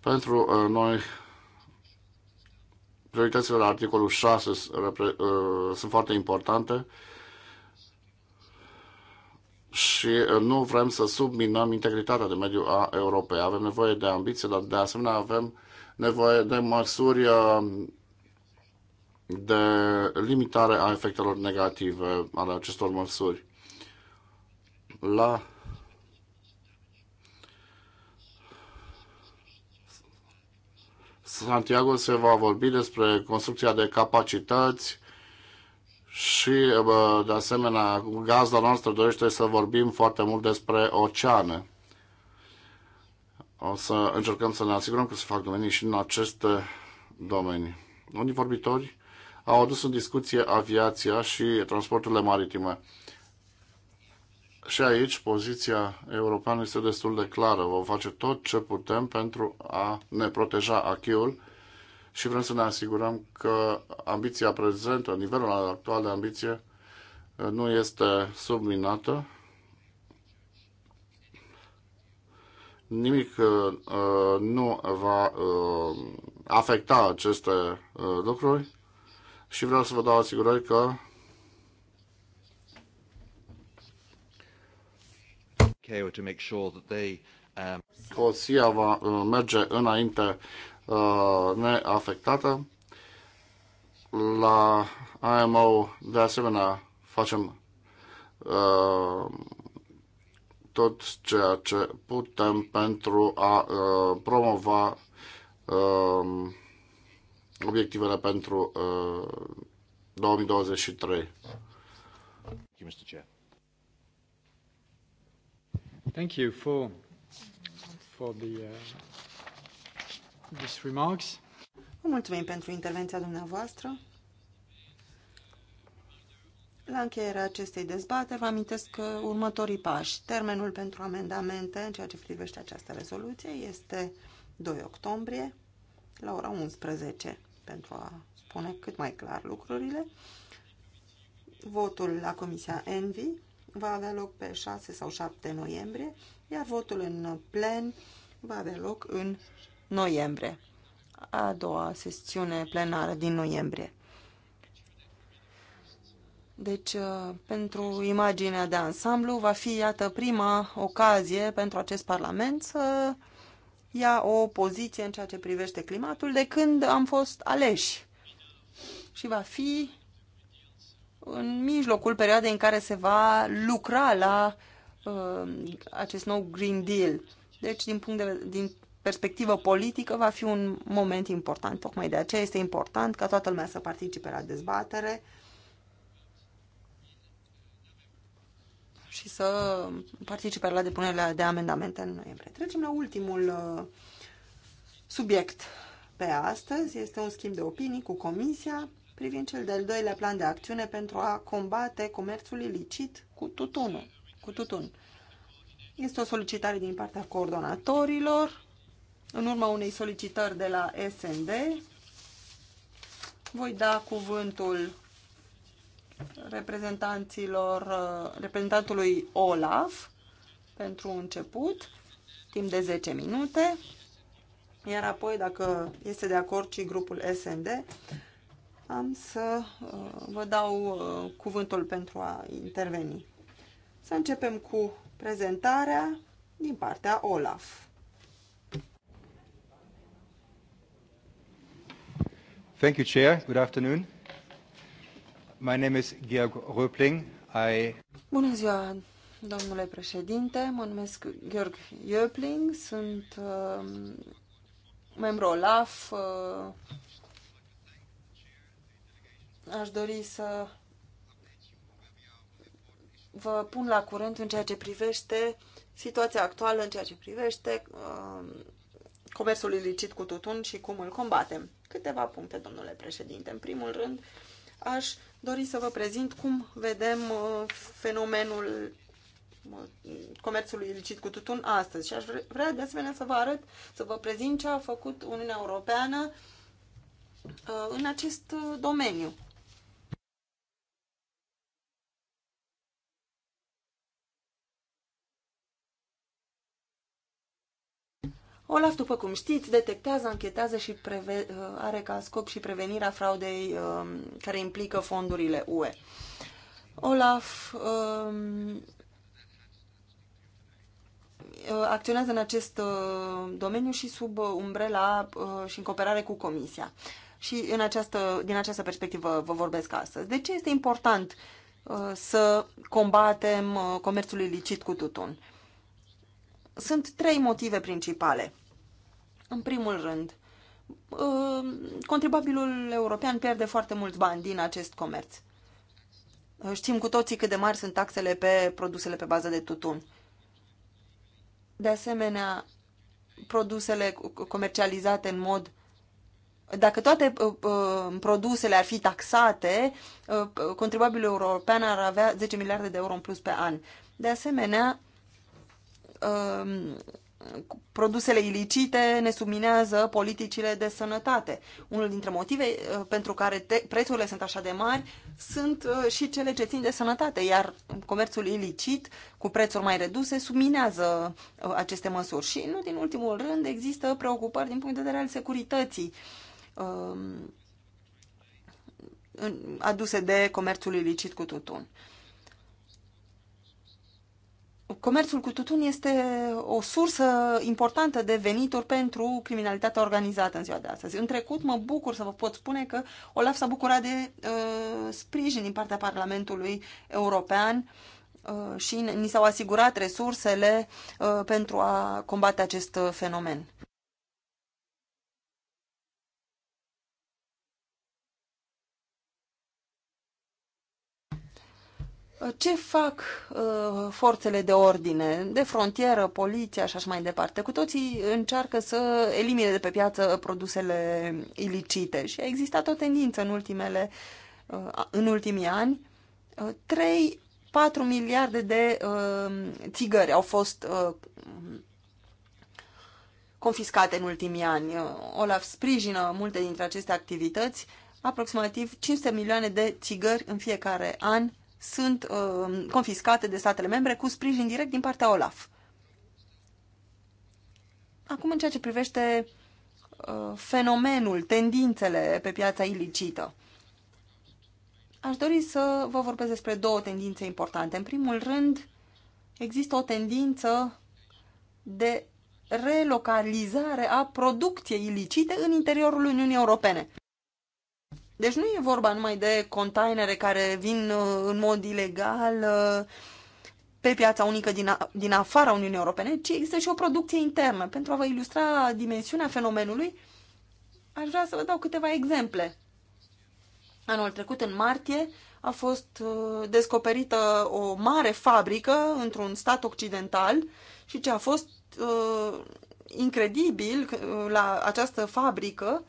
Pentru noi, prioritățile la articolul 6 sunt foarte importante și eh, nu vrem să subminăm integritatea de mediu a Europei. Avem nevoie de ambiție, dar de asemenea avem nevoie de măsuri eh, de limitare a efectelor negative ale acestor măsuri. La Santiago se va vorbi despre construcția de capacități și, de asemenea, gazda noastră dorește să vorbim foarte mult despre oceane. O să încercăm să ne asigurăm că se fac domenii și în aceste domenii. Unii vorbitori au adus în discuție aviația și transporturile maritime. Și aici poziția europeană este destul de clară. Vom face tot ce putem pentru a ne proteja achiul și vrem să ne asigurăm că ambiția prezentă, nivelul actual de ambiție, eh, nu este subminată. Nimic uh, nu va uh, afecta aceste uh, lucruri și vreau să vă dau asigurări că um, COSIA va merge înainte Uh, neafectată. La IMO, de asemenea, facem uh, tot ceea ce putem pentru a uh, promova obiectivele pentru 2023. Thank you, Mr. Chair. Thank you for for the uh, these remarks. Vă mulțumim pentru intervenția dumneavoastră. La încheierea acestei dezbateri, vă amintesc că următorii pași. Termenul pentru amendamente în ceea ce privește această rezoluție este 2 octombrie la ora 11 pentru a spune cât mai clar lucrurile. Votul la Comisia Envi va avea loc pe 6 sau 7 noiembrie, iar votul în plen va avea loc în noiembrie, a doua sesiune plenară din noiembrie. Deci, uh, pentru imaginea de ansamblu, va fi, iată, prima ocazie pentru acest Parlament să ia o poziție în ceea ce privește climatul de când am fost aleși. Și va fi în mijlocul perioadei în care se va lucra la uh, acest nou Green Deal. Deci, din punct de, din perspectivă politică va fi un moment important. Tocmai de aceea este important ca toată lumea să participe la dezbatere și să participe la depunerea de amendamente în noiembrie. Trecem la ultimul uh, subiect pe astăzi. Este un schimb de opinii cu Comisia privind cel de-al doilea plan de acțiune pentru a combate comerțul ilicit cu tutunul. Cu tutun. Este o solicitare din partea coordonatorilor în urma unei solicitări de la SND. Voi da cuvântul reprezentanților, reprezentantului Olaf pentru început, timp de 10 minute, iar apoi, dacă este de acord și grupul SND, am să uh, vă dau uh, cuvântul pentru a interveni. Să începem cu prezentarea din partea Olaf. Thank you, Chair. Good afternoon. My name is Georg Röpling. I... Bună ziua, domnule președinte. Mă numesc Georg Röpling. Sunt uh, membru OLAF. Uh, aș dori să vă pun la curent în ceea ce privește situația actuală, în ceea ce privește uh, comerțul ilicit cu tutun și cum îl combatem. Câteva puncte, domnule președinte. În primul rând, aș dori să vă prezint cum vedem uh, fenomenul uh, comerțului ilicit cu tutun astăzi și aș vrea de asemenea să vă arăt, să vă prezint ce a făcut Uniunea Europeană uh, în acest domeniu. Olaf, după cum știți, detectează, anchetează și preve- uh, are ca scop și prevenirea fraudei um, care implică fondurile UE. Olaf um, uh, acționează în acest uh, domeniu și sub umbrela uh, și în cooperare cu Comisia. Și în această, din această perspectivă vă vorbesc astăzi. De ce este important uh, să combatem uh, comerțul ilicit cu tutun? Sunt trei motive principale. În primul rând, uh, contribuabilul european pierde foarte mult bani din acest comerț. Uh, știm cu toții cât de mari sunt taxele pe produsele pe bază de tutun. De asemenea, produsele comercializate în mod dacă toate uh, produsele ar fi taxate, contribuabilul european ar avea 10 miliarde de euro în plus pe an. De asemenea, Um, produsele ilicite ne subminează politicile de sănătate. Unul dintre motive uh, pentru care prețurile sunt așa de mari sunt uh, și cele ce țin de sănătate, iar comerțul ilicit cu prețuri mai reduse subminează uh, aceste măsuri. Și nu din ultimul rând există preocupări din punct de vedere al securității um, aduse de comerțul ilicit cu tutun comerțul cu tutun este o sursă importantă de venituri pentru criminalitatea organizată în ziua de astăzi. În trecut mă bucur să vă pot spune că Olaf s-a bucurat de uh, sprijin din partea Parlamentului European uh, și ni s-au asigurat resursele uh, pentru a combate acest fenomen. Uh, ce fac uh, forțele de ordine, de frontieră, poliția și așa mai departe? Cu toții încearcă să elimine de pe piață produsele ilicite și a existat o tendință în, ultimele, uh, în ultimii ani. Uh, 3-4 miliarde de uh, țigări au fost uh, confiscate în ultimii ani. Uh, Olaf sprijină multe dintre aceste activități, aproximativ 500 milioane de țigări în fiecare an sunt uh, confiscate de statele membre cu sprijin direct din partea OLAF. Acum, în ceea ce privește uh, fenomenul, tendințele pe piața ilicită, aș dori să vă vorbesc despre două tendințe importante. În primul rând, există o tendință de relocalizare a producției ilicite în interiorul Uniunii Europene. Deci nu e vorba numai de containere care vin uh, în mod ilegal uh, pe piața unică din, a, din afara Uniunii Europene, ci există și o producție internă. Pentru a vă ilustra dimensiunea fenomenului, aș vrea să vă dau câteva exemple. Anul trecut, în martie, a fost uh, descoperită o mare fabrică într-un stat occidental și ce a fost uh, incredibil la această fabrică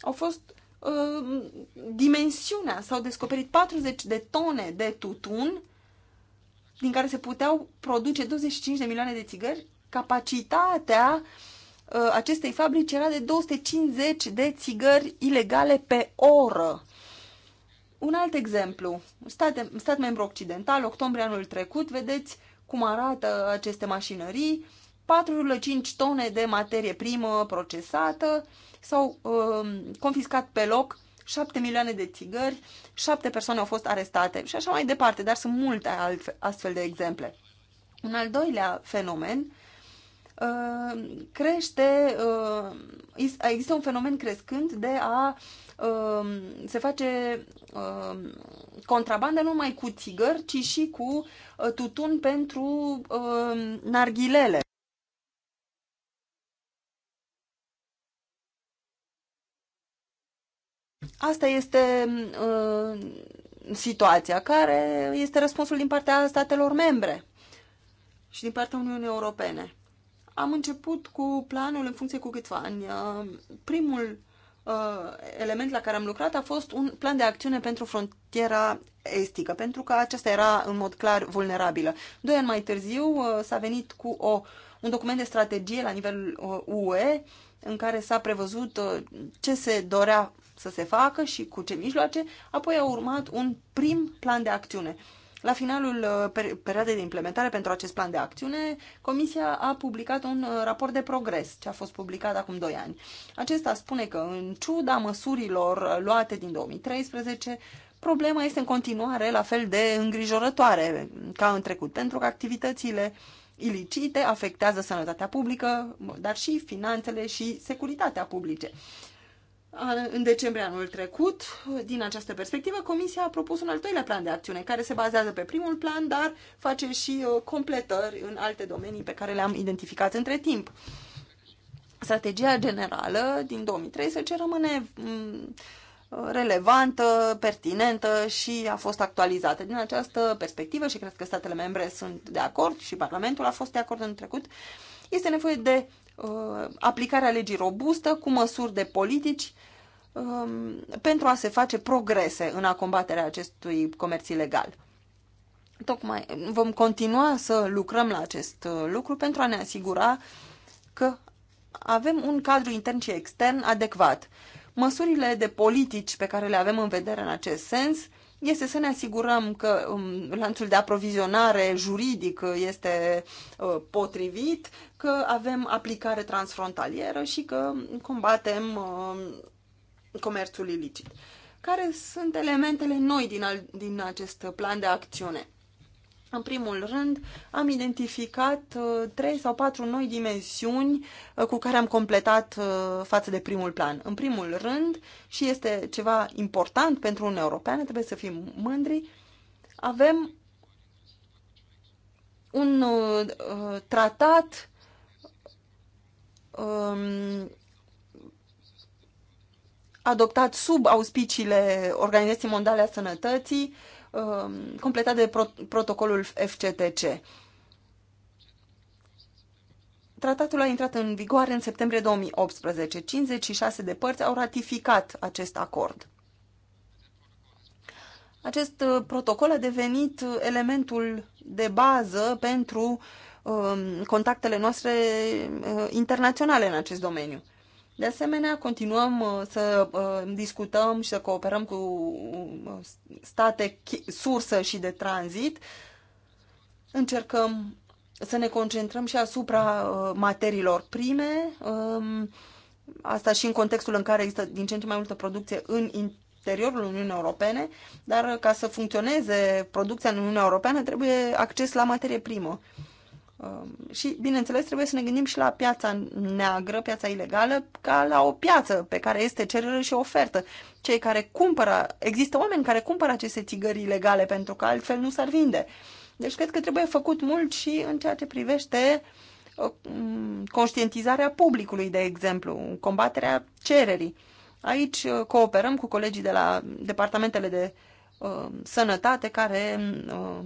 au fost Um, dimensiunea. S-au descoperit 40 de tone de tutun din care se puteau produce 25 de milioane de țigări. Capacitatea uh, acestei fabrici era de 250 de țigări ilegale pe oră. Un alt exemplu, stat, stat membru occidental, octombrie anul trecut, vedeți cum arată aceste mașinării, 4,5 tone de materie primă procesată, s-au uh, confiscat pe loc 7 milioane de țigări, 7 persoane au fost arestate și așa mai departe, dar sunt multe astfel de exemple. Un al doilea fenomen um, crește, um, există un fenomen crescând de a se face contrabandă nu numai cu țigări, ci și cu uh, tutun pentru narghilele. Asta este uh, situația, care este răspunsul din partea statelor membre și din partea Uniunii Europene. Am început cu planul în funcție cu câțiva ani. Uh, primul uh, element la care am lucrat a fost un plan de acțiune pentru frontiera estică, pentru că aceasta era în mod clar vulnerabilă. Doi ani mai târziu uh, s-a venit cu o, un document de strategie la nivel uh, UE în care s-a prevăzut uh, ce se dorea să se facă și cu ce mijloace, apoi a urmat un prim plan de acțiune. La finalul uh, perioadei de implementare pentru acest plan de acțiune, Comisia a publicat un uh, raport de progres, ce a fost publicat acum 2 ani. Acesta spune că, în ciuda măsurilor uh, luate din 2013, problema este în continuare la fel de îngrijorătoare ca în trecut, pentru că activitățile ilicite afectează sănătatea publică, dar și finanțele și securitatea publice. În decembrie anul trecut, din această perspectivă, Comisia a propus un al doilea plan de acțiune, care se bazează pe primul plan, dar face și uh, completări în alte domenii pe care le-am identificat între timp. Strategia generală din 2013 rămâne mm, relevantă, pertinentă și a fost actualizată. Din această perspectivă, și cred că statele membre sunt de acord și Parlamentul a fost de acord în trecut, este nevoie de uh, aplicarea legii robustă cu măsuri de politici um, pentru a se face progrese în a combaterea acestui comerț ilegal. Tocmai vom continua să lucrăm la acest uh, lucru pentru a ne asigura că avem un cadru intern și extern adecvat. Măsurile de politici pe care le avem în vedere în acest sens este să ne asigurăm că um, lanțul de aprovizionare juridic este uh, potrivit, că avem aplicare transfrontalieră și că combatem um, comerțul ilicit. Care sunt elementele noi din, al, din acest plan de acțiune? În primul rând, am identificat uh, trei sau patru noi dimensiuni uh, cu care am completat uh, față de primul plan. În primul rând, și este ceva important pentru un european trebuie să fim mândri, avem un tratat um, adoptat sub auspiciile Organizației Mondiale a Sănătății, um, completat de protocolul FCTC. Tratatul a intrat în vigoare în septembrie 2018. 56 de părți au ratificat acest acord. Acest uh, protocol a devenit uh, elementul de bază pentru um, contactele noastre uh, internaționale în acest domeniu. De asemenea, continuăm uh, să uh, discutăm și să cooperăm cu uh, state sursă și de tranzit. Încercăm să ne concentrăm și asupra materiilor prime, um, asta și în contextul în care există din ce în ce mai multă producție în interiorul Uniunii Europene, dar ca să funcționeze producția în Uniunea Europeană trebuie acces la materie primă. Um, și, bineînțeles, trebuie să ne gândim și la piața neagră, piața ilegală, ca la o piață pe care este cerere și ofertă. Cei care cumpără, există oameni care cumpără aceste țigări ilegale pentru că altfel nu s-ar vinde. Deci cred că trebuie făcut mult și în ceea ce privește uh, um, conștientizarea publicului, de exemplu, combaterea cererii. Aici uh, cooperăm cu colegii de la departamentele de uh, sănătate care uh,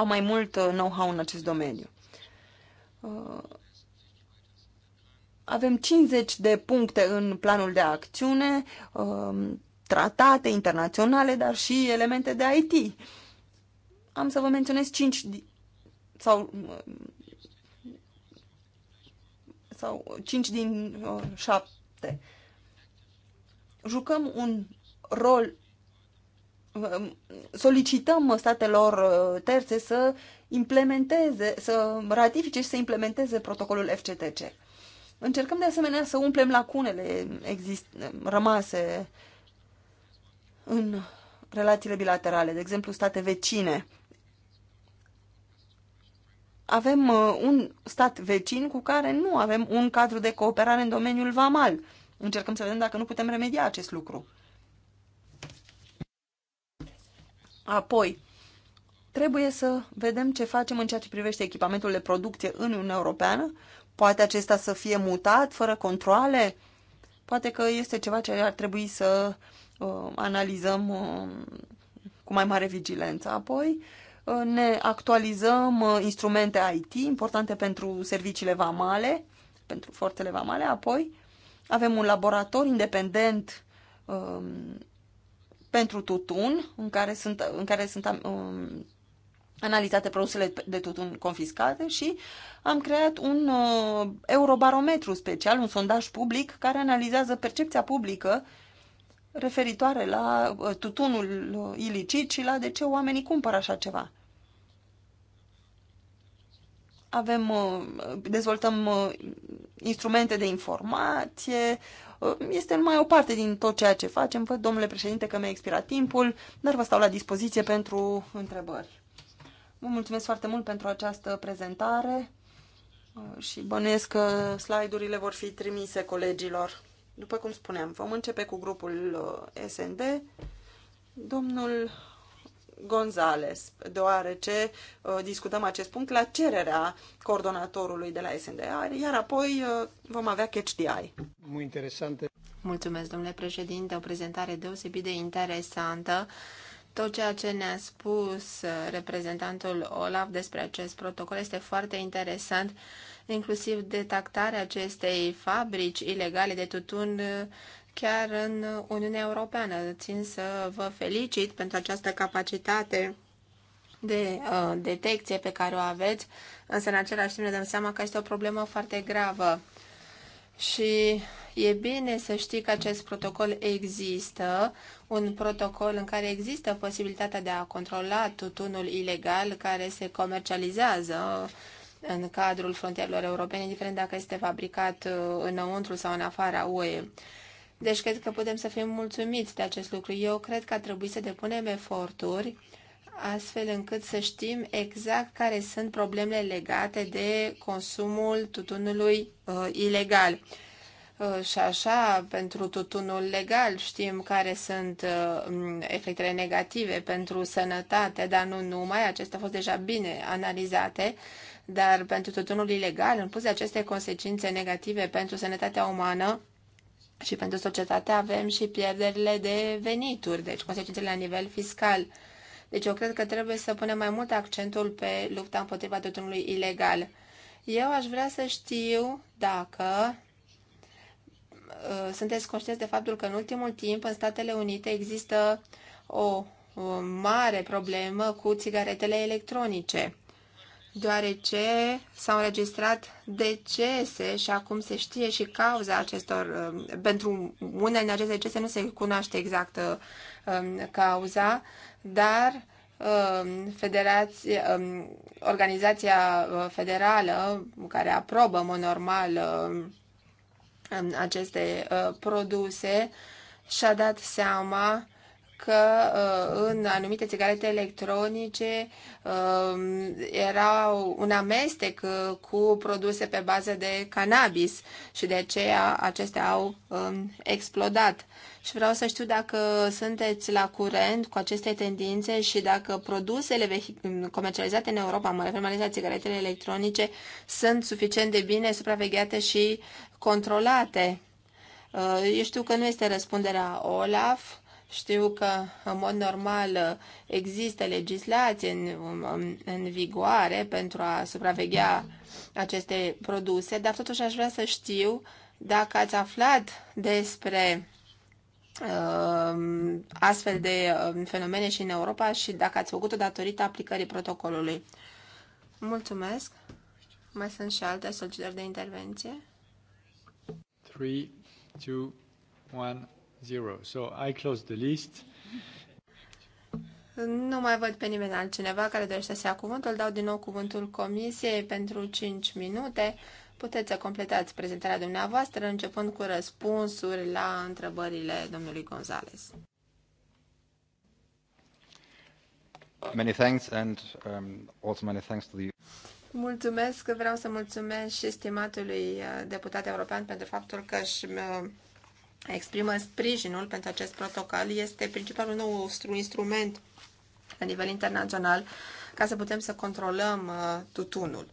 au mai mult uh, know-how în acest domeniu. Uh, avem 50 de puncte în planul de acțiune, uh, tratate internaționale, dar și elemente de IT. Am să vă menționez 5 sau sau 5 din 7. Jucăm un rol Um, solicităm statelor uh, terțe să implementeze, să ratifice și să implementeze protocolul FCTC. Încercăm de asemenea să umplem lacunele exist rămase în relațiile bilaterale, de exemplu state vecine. Avem uh, un stat vecin cu care nu avem un cadru de cooperare în domeniul vamal. Încercăm să vedem dacă nu putem remedia acest lucru. Apoi, trebuie să vedem ce facem în ceea ce privește echipamentul de producție în Uniunea Europeană. Poate acesta să fie mutat fără controle? Poate că este ceva ce ar trebui să uh, analizăm uh, cu mai mare vigilență. Apoi, uh, ne actualizăm uh, instrumente IT importante pentru serviciile vamale, pentru forțele vamale. Apoi, avem un laborator independent uh, pentru tutun, în care sunt, în care sunt um, analizate produsele de tutun confiscate și am creat un uh, eurobarometru special, un sondaj public care analizează percepția publică referitoare la uh, tutunul ilicit și la de ce oamenii cumpără așa ceva avem, uh, dezvoltăm uh, instrumente de informație, uh, este numai o parte din tot ceea ce facem. Văd, domnule președinte, că mi-a expirat timpul, dar vă stau la dispoziție pentru întrebări. Vă mulțumesc foarte mult pentru această prezentare și bănuiesc că slide-urile vor fi trimise colegilor. După cum spuneam, vom începe cu grupul SND. Domnul Gonzales, deoarece uh, discutăm acest punct la cererea coordonatorului de la SNDR, iar apoi uh, vom avea catch the eye. Mult interesante. Mulțumesc, domnule președinte, o prezentare deosebit de interesantă. Tot ceea ce ne-a spus uh, reprezentantul Olaf despre acest protocol este foarte interesant, inclusiv detactarea acestei fabrici ilegale de tutun chiar în Uniunea Europeană. Țin să vă felicit pentru această capacitate de uh, detecție pe care o aveți, însă în același timp ne dăm seama că este o problemă foarte gravă. Și e bine să știi că acest protocol există, un protocol în care există posibilitatea de a controla tutunul ilegal care se comercializează în cadrul frontierelor europene, indiferent dacă este fabricat uh, înăuntru sau în afara UE. Deci cred că putem să fim mulțumiți de acest lucru. Eu cred că ar trebui să depunem eforturi astfel încât să știm exact care sunt problemele legate de consumul tutunului uh, ilegal. Uh, și așa, pentru tutunul legal știm care sunt uh, efectele negative pentru sănătate, dar nu numai, acestea au fost deja bine analizate, dar pentru tutunul ilegal, în plus de aceste consecințe negative pentru sănătatea umană, și pentru societate avem și pierderile de venituri, deci consecințele la nivel fiscal. Deci eu cred că trebuie să punem mai mult accentul pe lupta împotriva tutunului ilegal. Eu aș vrea să știu dacă uh, sunteți conștienți de faptul că în ultimul timp în Statele Unite există o, o mare problemă cu țigaretele electronice deoarece s-au înregistrat decese și acum se știe și cauza acestor, um, pentru unele din aceste decese nu se cunoaște exact um, cauza, dar um, federația, organizația uh, federală care aprobă, în normal, aceste uh, produse și-a dat seama că uh, în anumite țigarete electronice um, era un amestec uh, cu produse pe bază de cannabis și de aceea acestea au um, explodat. Și vreau să știu dacă sunteți la curent cu aceste tendințe și dacă produsele comercializate în Europa, mă refer mai ales la țigaretele electronice, sunt suficient de bine supravegheate și controlate. Uh, eu știu că nu este răspunderea OLAF, știu că, în mod normal, există legislație în, în, în vigoare pentru a supraveghea aceste produse, dar totuși aș vrea să știu dacă ați aflat despre uh, astfel de uh, fenomene și în Europa și dacă ați făcut-o datorită aplicării protocolului. Mulțumesc. Mai sunt și alte solicitări de intervenție? 3, 2, 1. Zero. So I close the list. Nu mai văd pe nimeni altcineva care dorește să ia cuvântul. Dau din nou cuvântul comisiei pentru 5 minute. Puteți să completați prezentarea dumneavoastră, începând cu răspunsuri la întrebările domnului Gonzales. Many thanks and um, also many thanks to the... Mulțumesc, vreau să mulțumesc și estimatului uh, deputat european pentru faptul că își uh, exprimă sprijinul pentru acest protocol. Este principalul nostru instrument la nivel internațional ca să putem să controlăm uh, tutunul.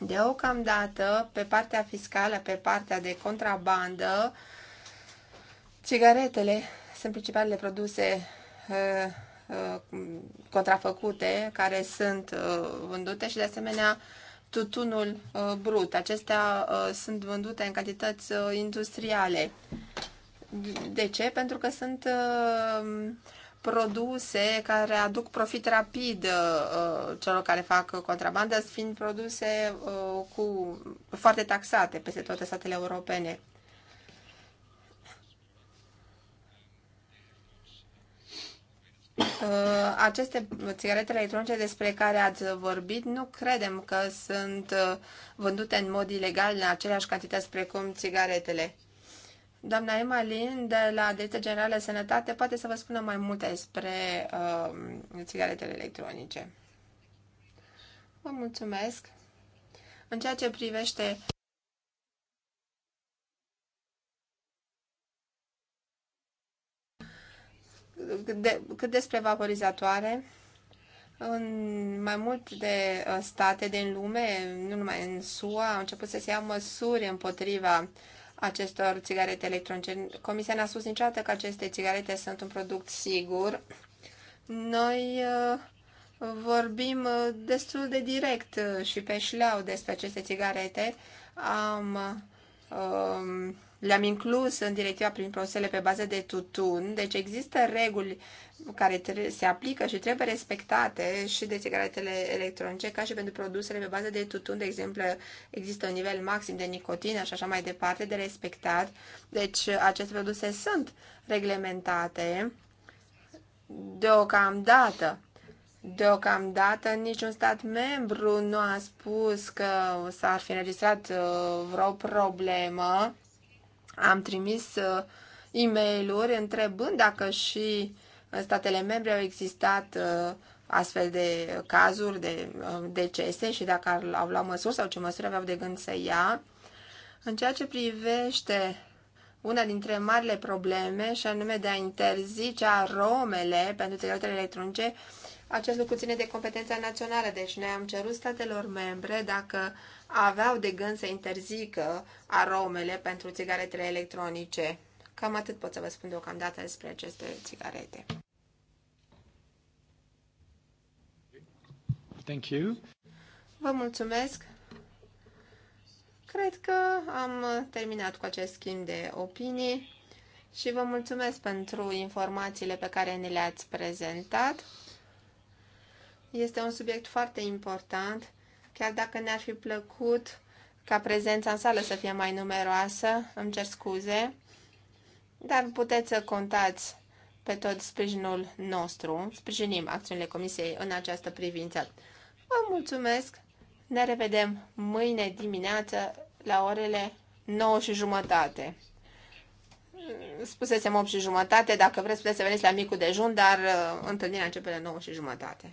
Deocamdată, pe partea fiscală, pe partea de contrabandă, Cigaretele sunt principalele produse uh, uh, contrafăcute care sunt vândute și de asemenea tutunul uh, brut. Acestea uh, sunt vândute în cantități uh, industriale. De ce? Pentru că sunt produse care aduc profit rapid celor care fac contrabandă, fiind produse cu, foarte taxate peste toate statele europene. Uh, aceste țigarete electronice despre care ați vorbit nu credem că sunt uh, vândute în mod ilegal în aceleași cantități precum țigaretele. Doamna Emma Lin de la Direcția Generală Sănătate poate să vă spună mai multe despre uh, țigaretele electronice. Vă mulțumesc! În ceea ce privește cât despre vaporizatoare, în mai multe uh, state din lume, nu numai în SUA, au început să se ia măsuri împotriva acestor țigarete electronice. Comisia ne a spus niciodată că aceste țigarete sunt un produs sigur. Noi uh, vorbim uh, destul de direct și pe șleau despre aceste țigarete. Am um, le-am inclus în directiva prin prosele pe bază de tutun, deci există reguli care se aplică și trebuie respectate și de țigaretele electronice, ca și pentru produsele pe bază de tutun, de exemplu, există un nivel maxim de nicotină și așa mai departe de respectat. Deci aceste produse sunt reglementate deocamdată. Deocamdată niciun stat membru nu a spus că s-ar fi înregistrat uh, vreo problemă am trimis uh, e mail întrebând dacă și în uh, statele membre au existat uh, astfel de cazuri de decese și dacă au luat măsuri sau ce măsuri aveau de gând să ia. În ceea ce privește una dintre marile probleme, și anume de a interzice aromele pentru țigaretele electronice, acest lucru ține de competența națională, deci noi am cerut statelor membre dacă aveau de gând să interzică aromele pentru țigaretele electronice. Cam atât pot să vă spun deocamdată despre aceste țigarete. Thank you. Vă mulțumesc. Cred că am terminat cu acest schimb de opinii și vă mulțumesc pentru informațiile pe care ne le-ați prezentat. Este un subiect foarte important chiar dacă ne-ar fi plăcut ca prezența în sală să fie mai numeroasă, îmi cer scuze, dar puteți să contați pe tot sprijinul nostru, sprijinim acțiunile Comisiei în această privință. Vă mulțumesc, ne revedem mâine dimineață la orele 9 și jumătate. Spusesem 8 și jumătate, dacă vreți puteți să veniți la micul dejun, dar uh, întâlnirea începe la 9 și jumătate.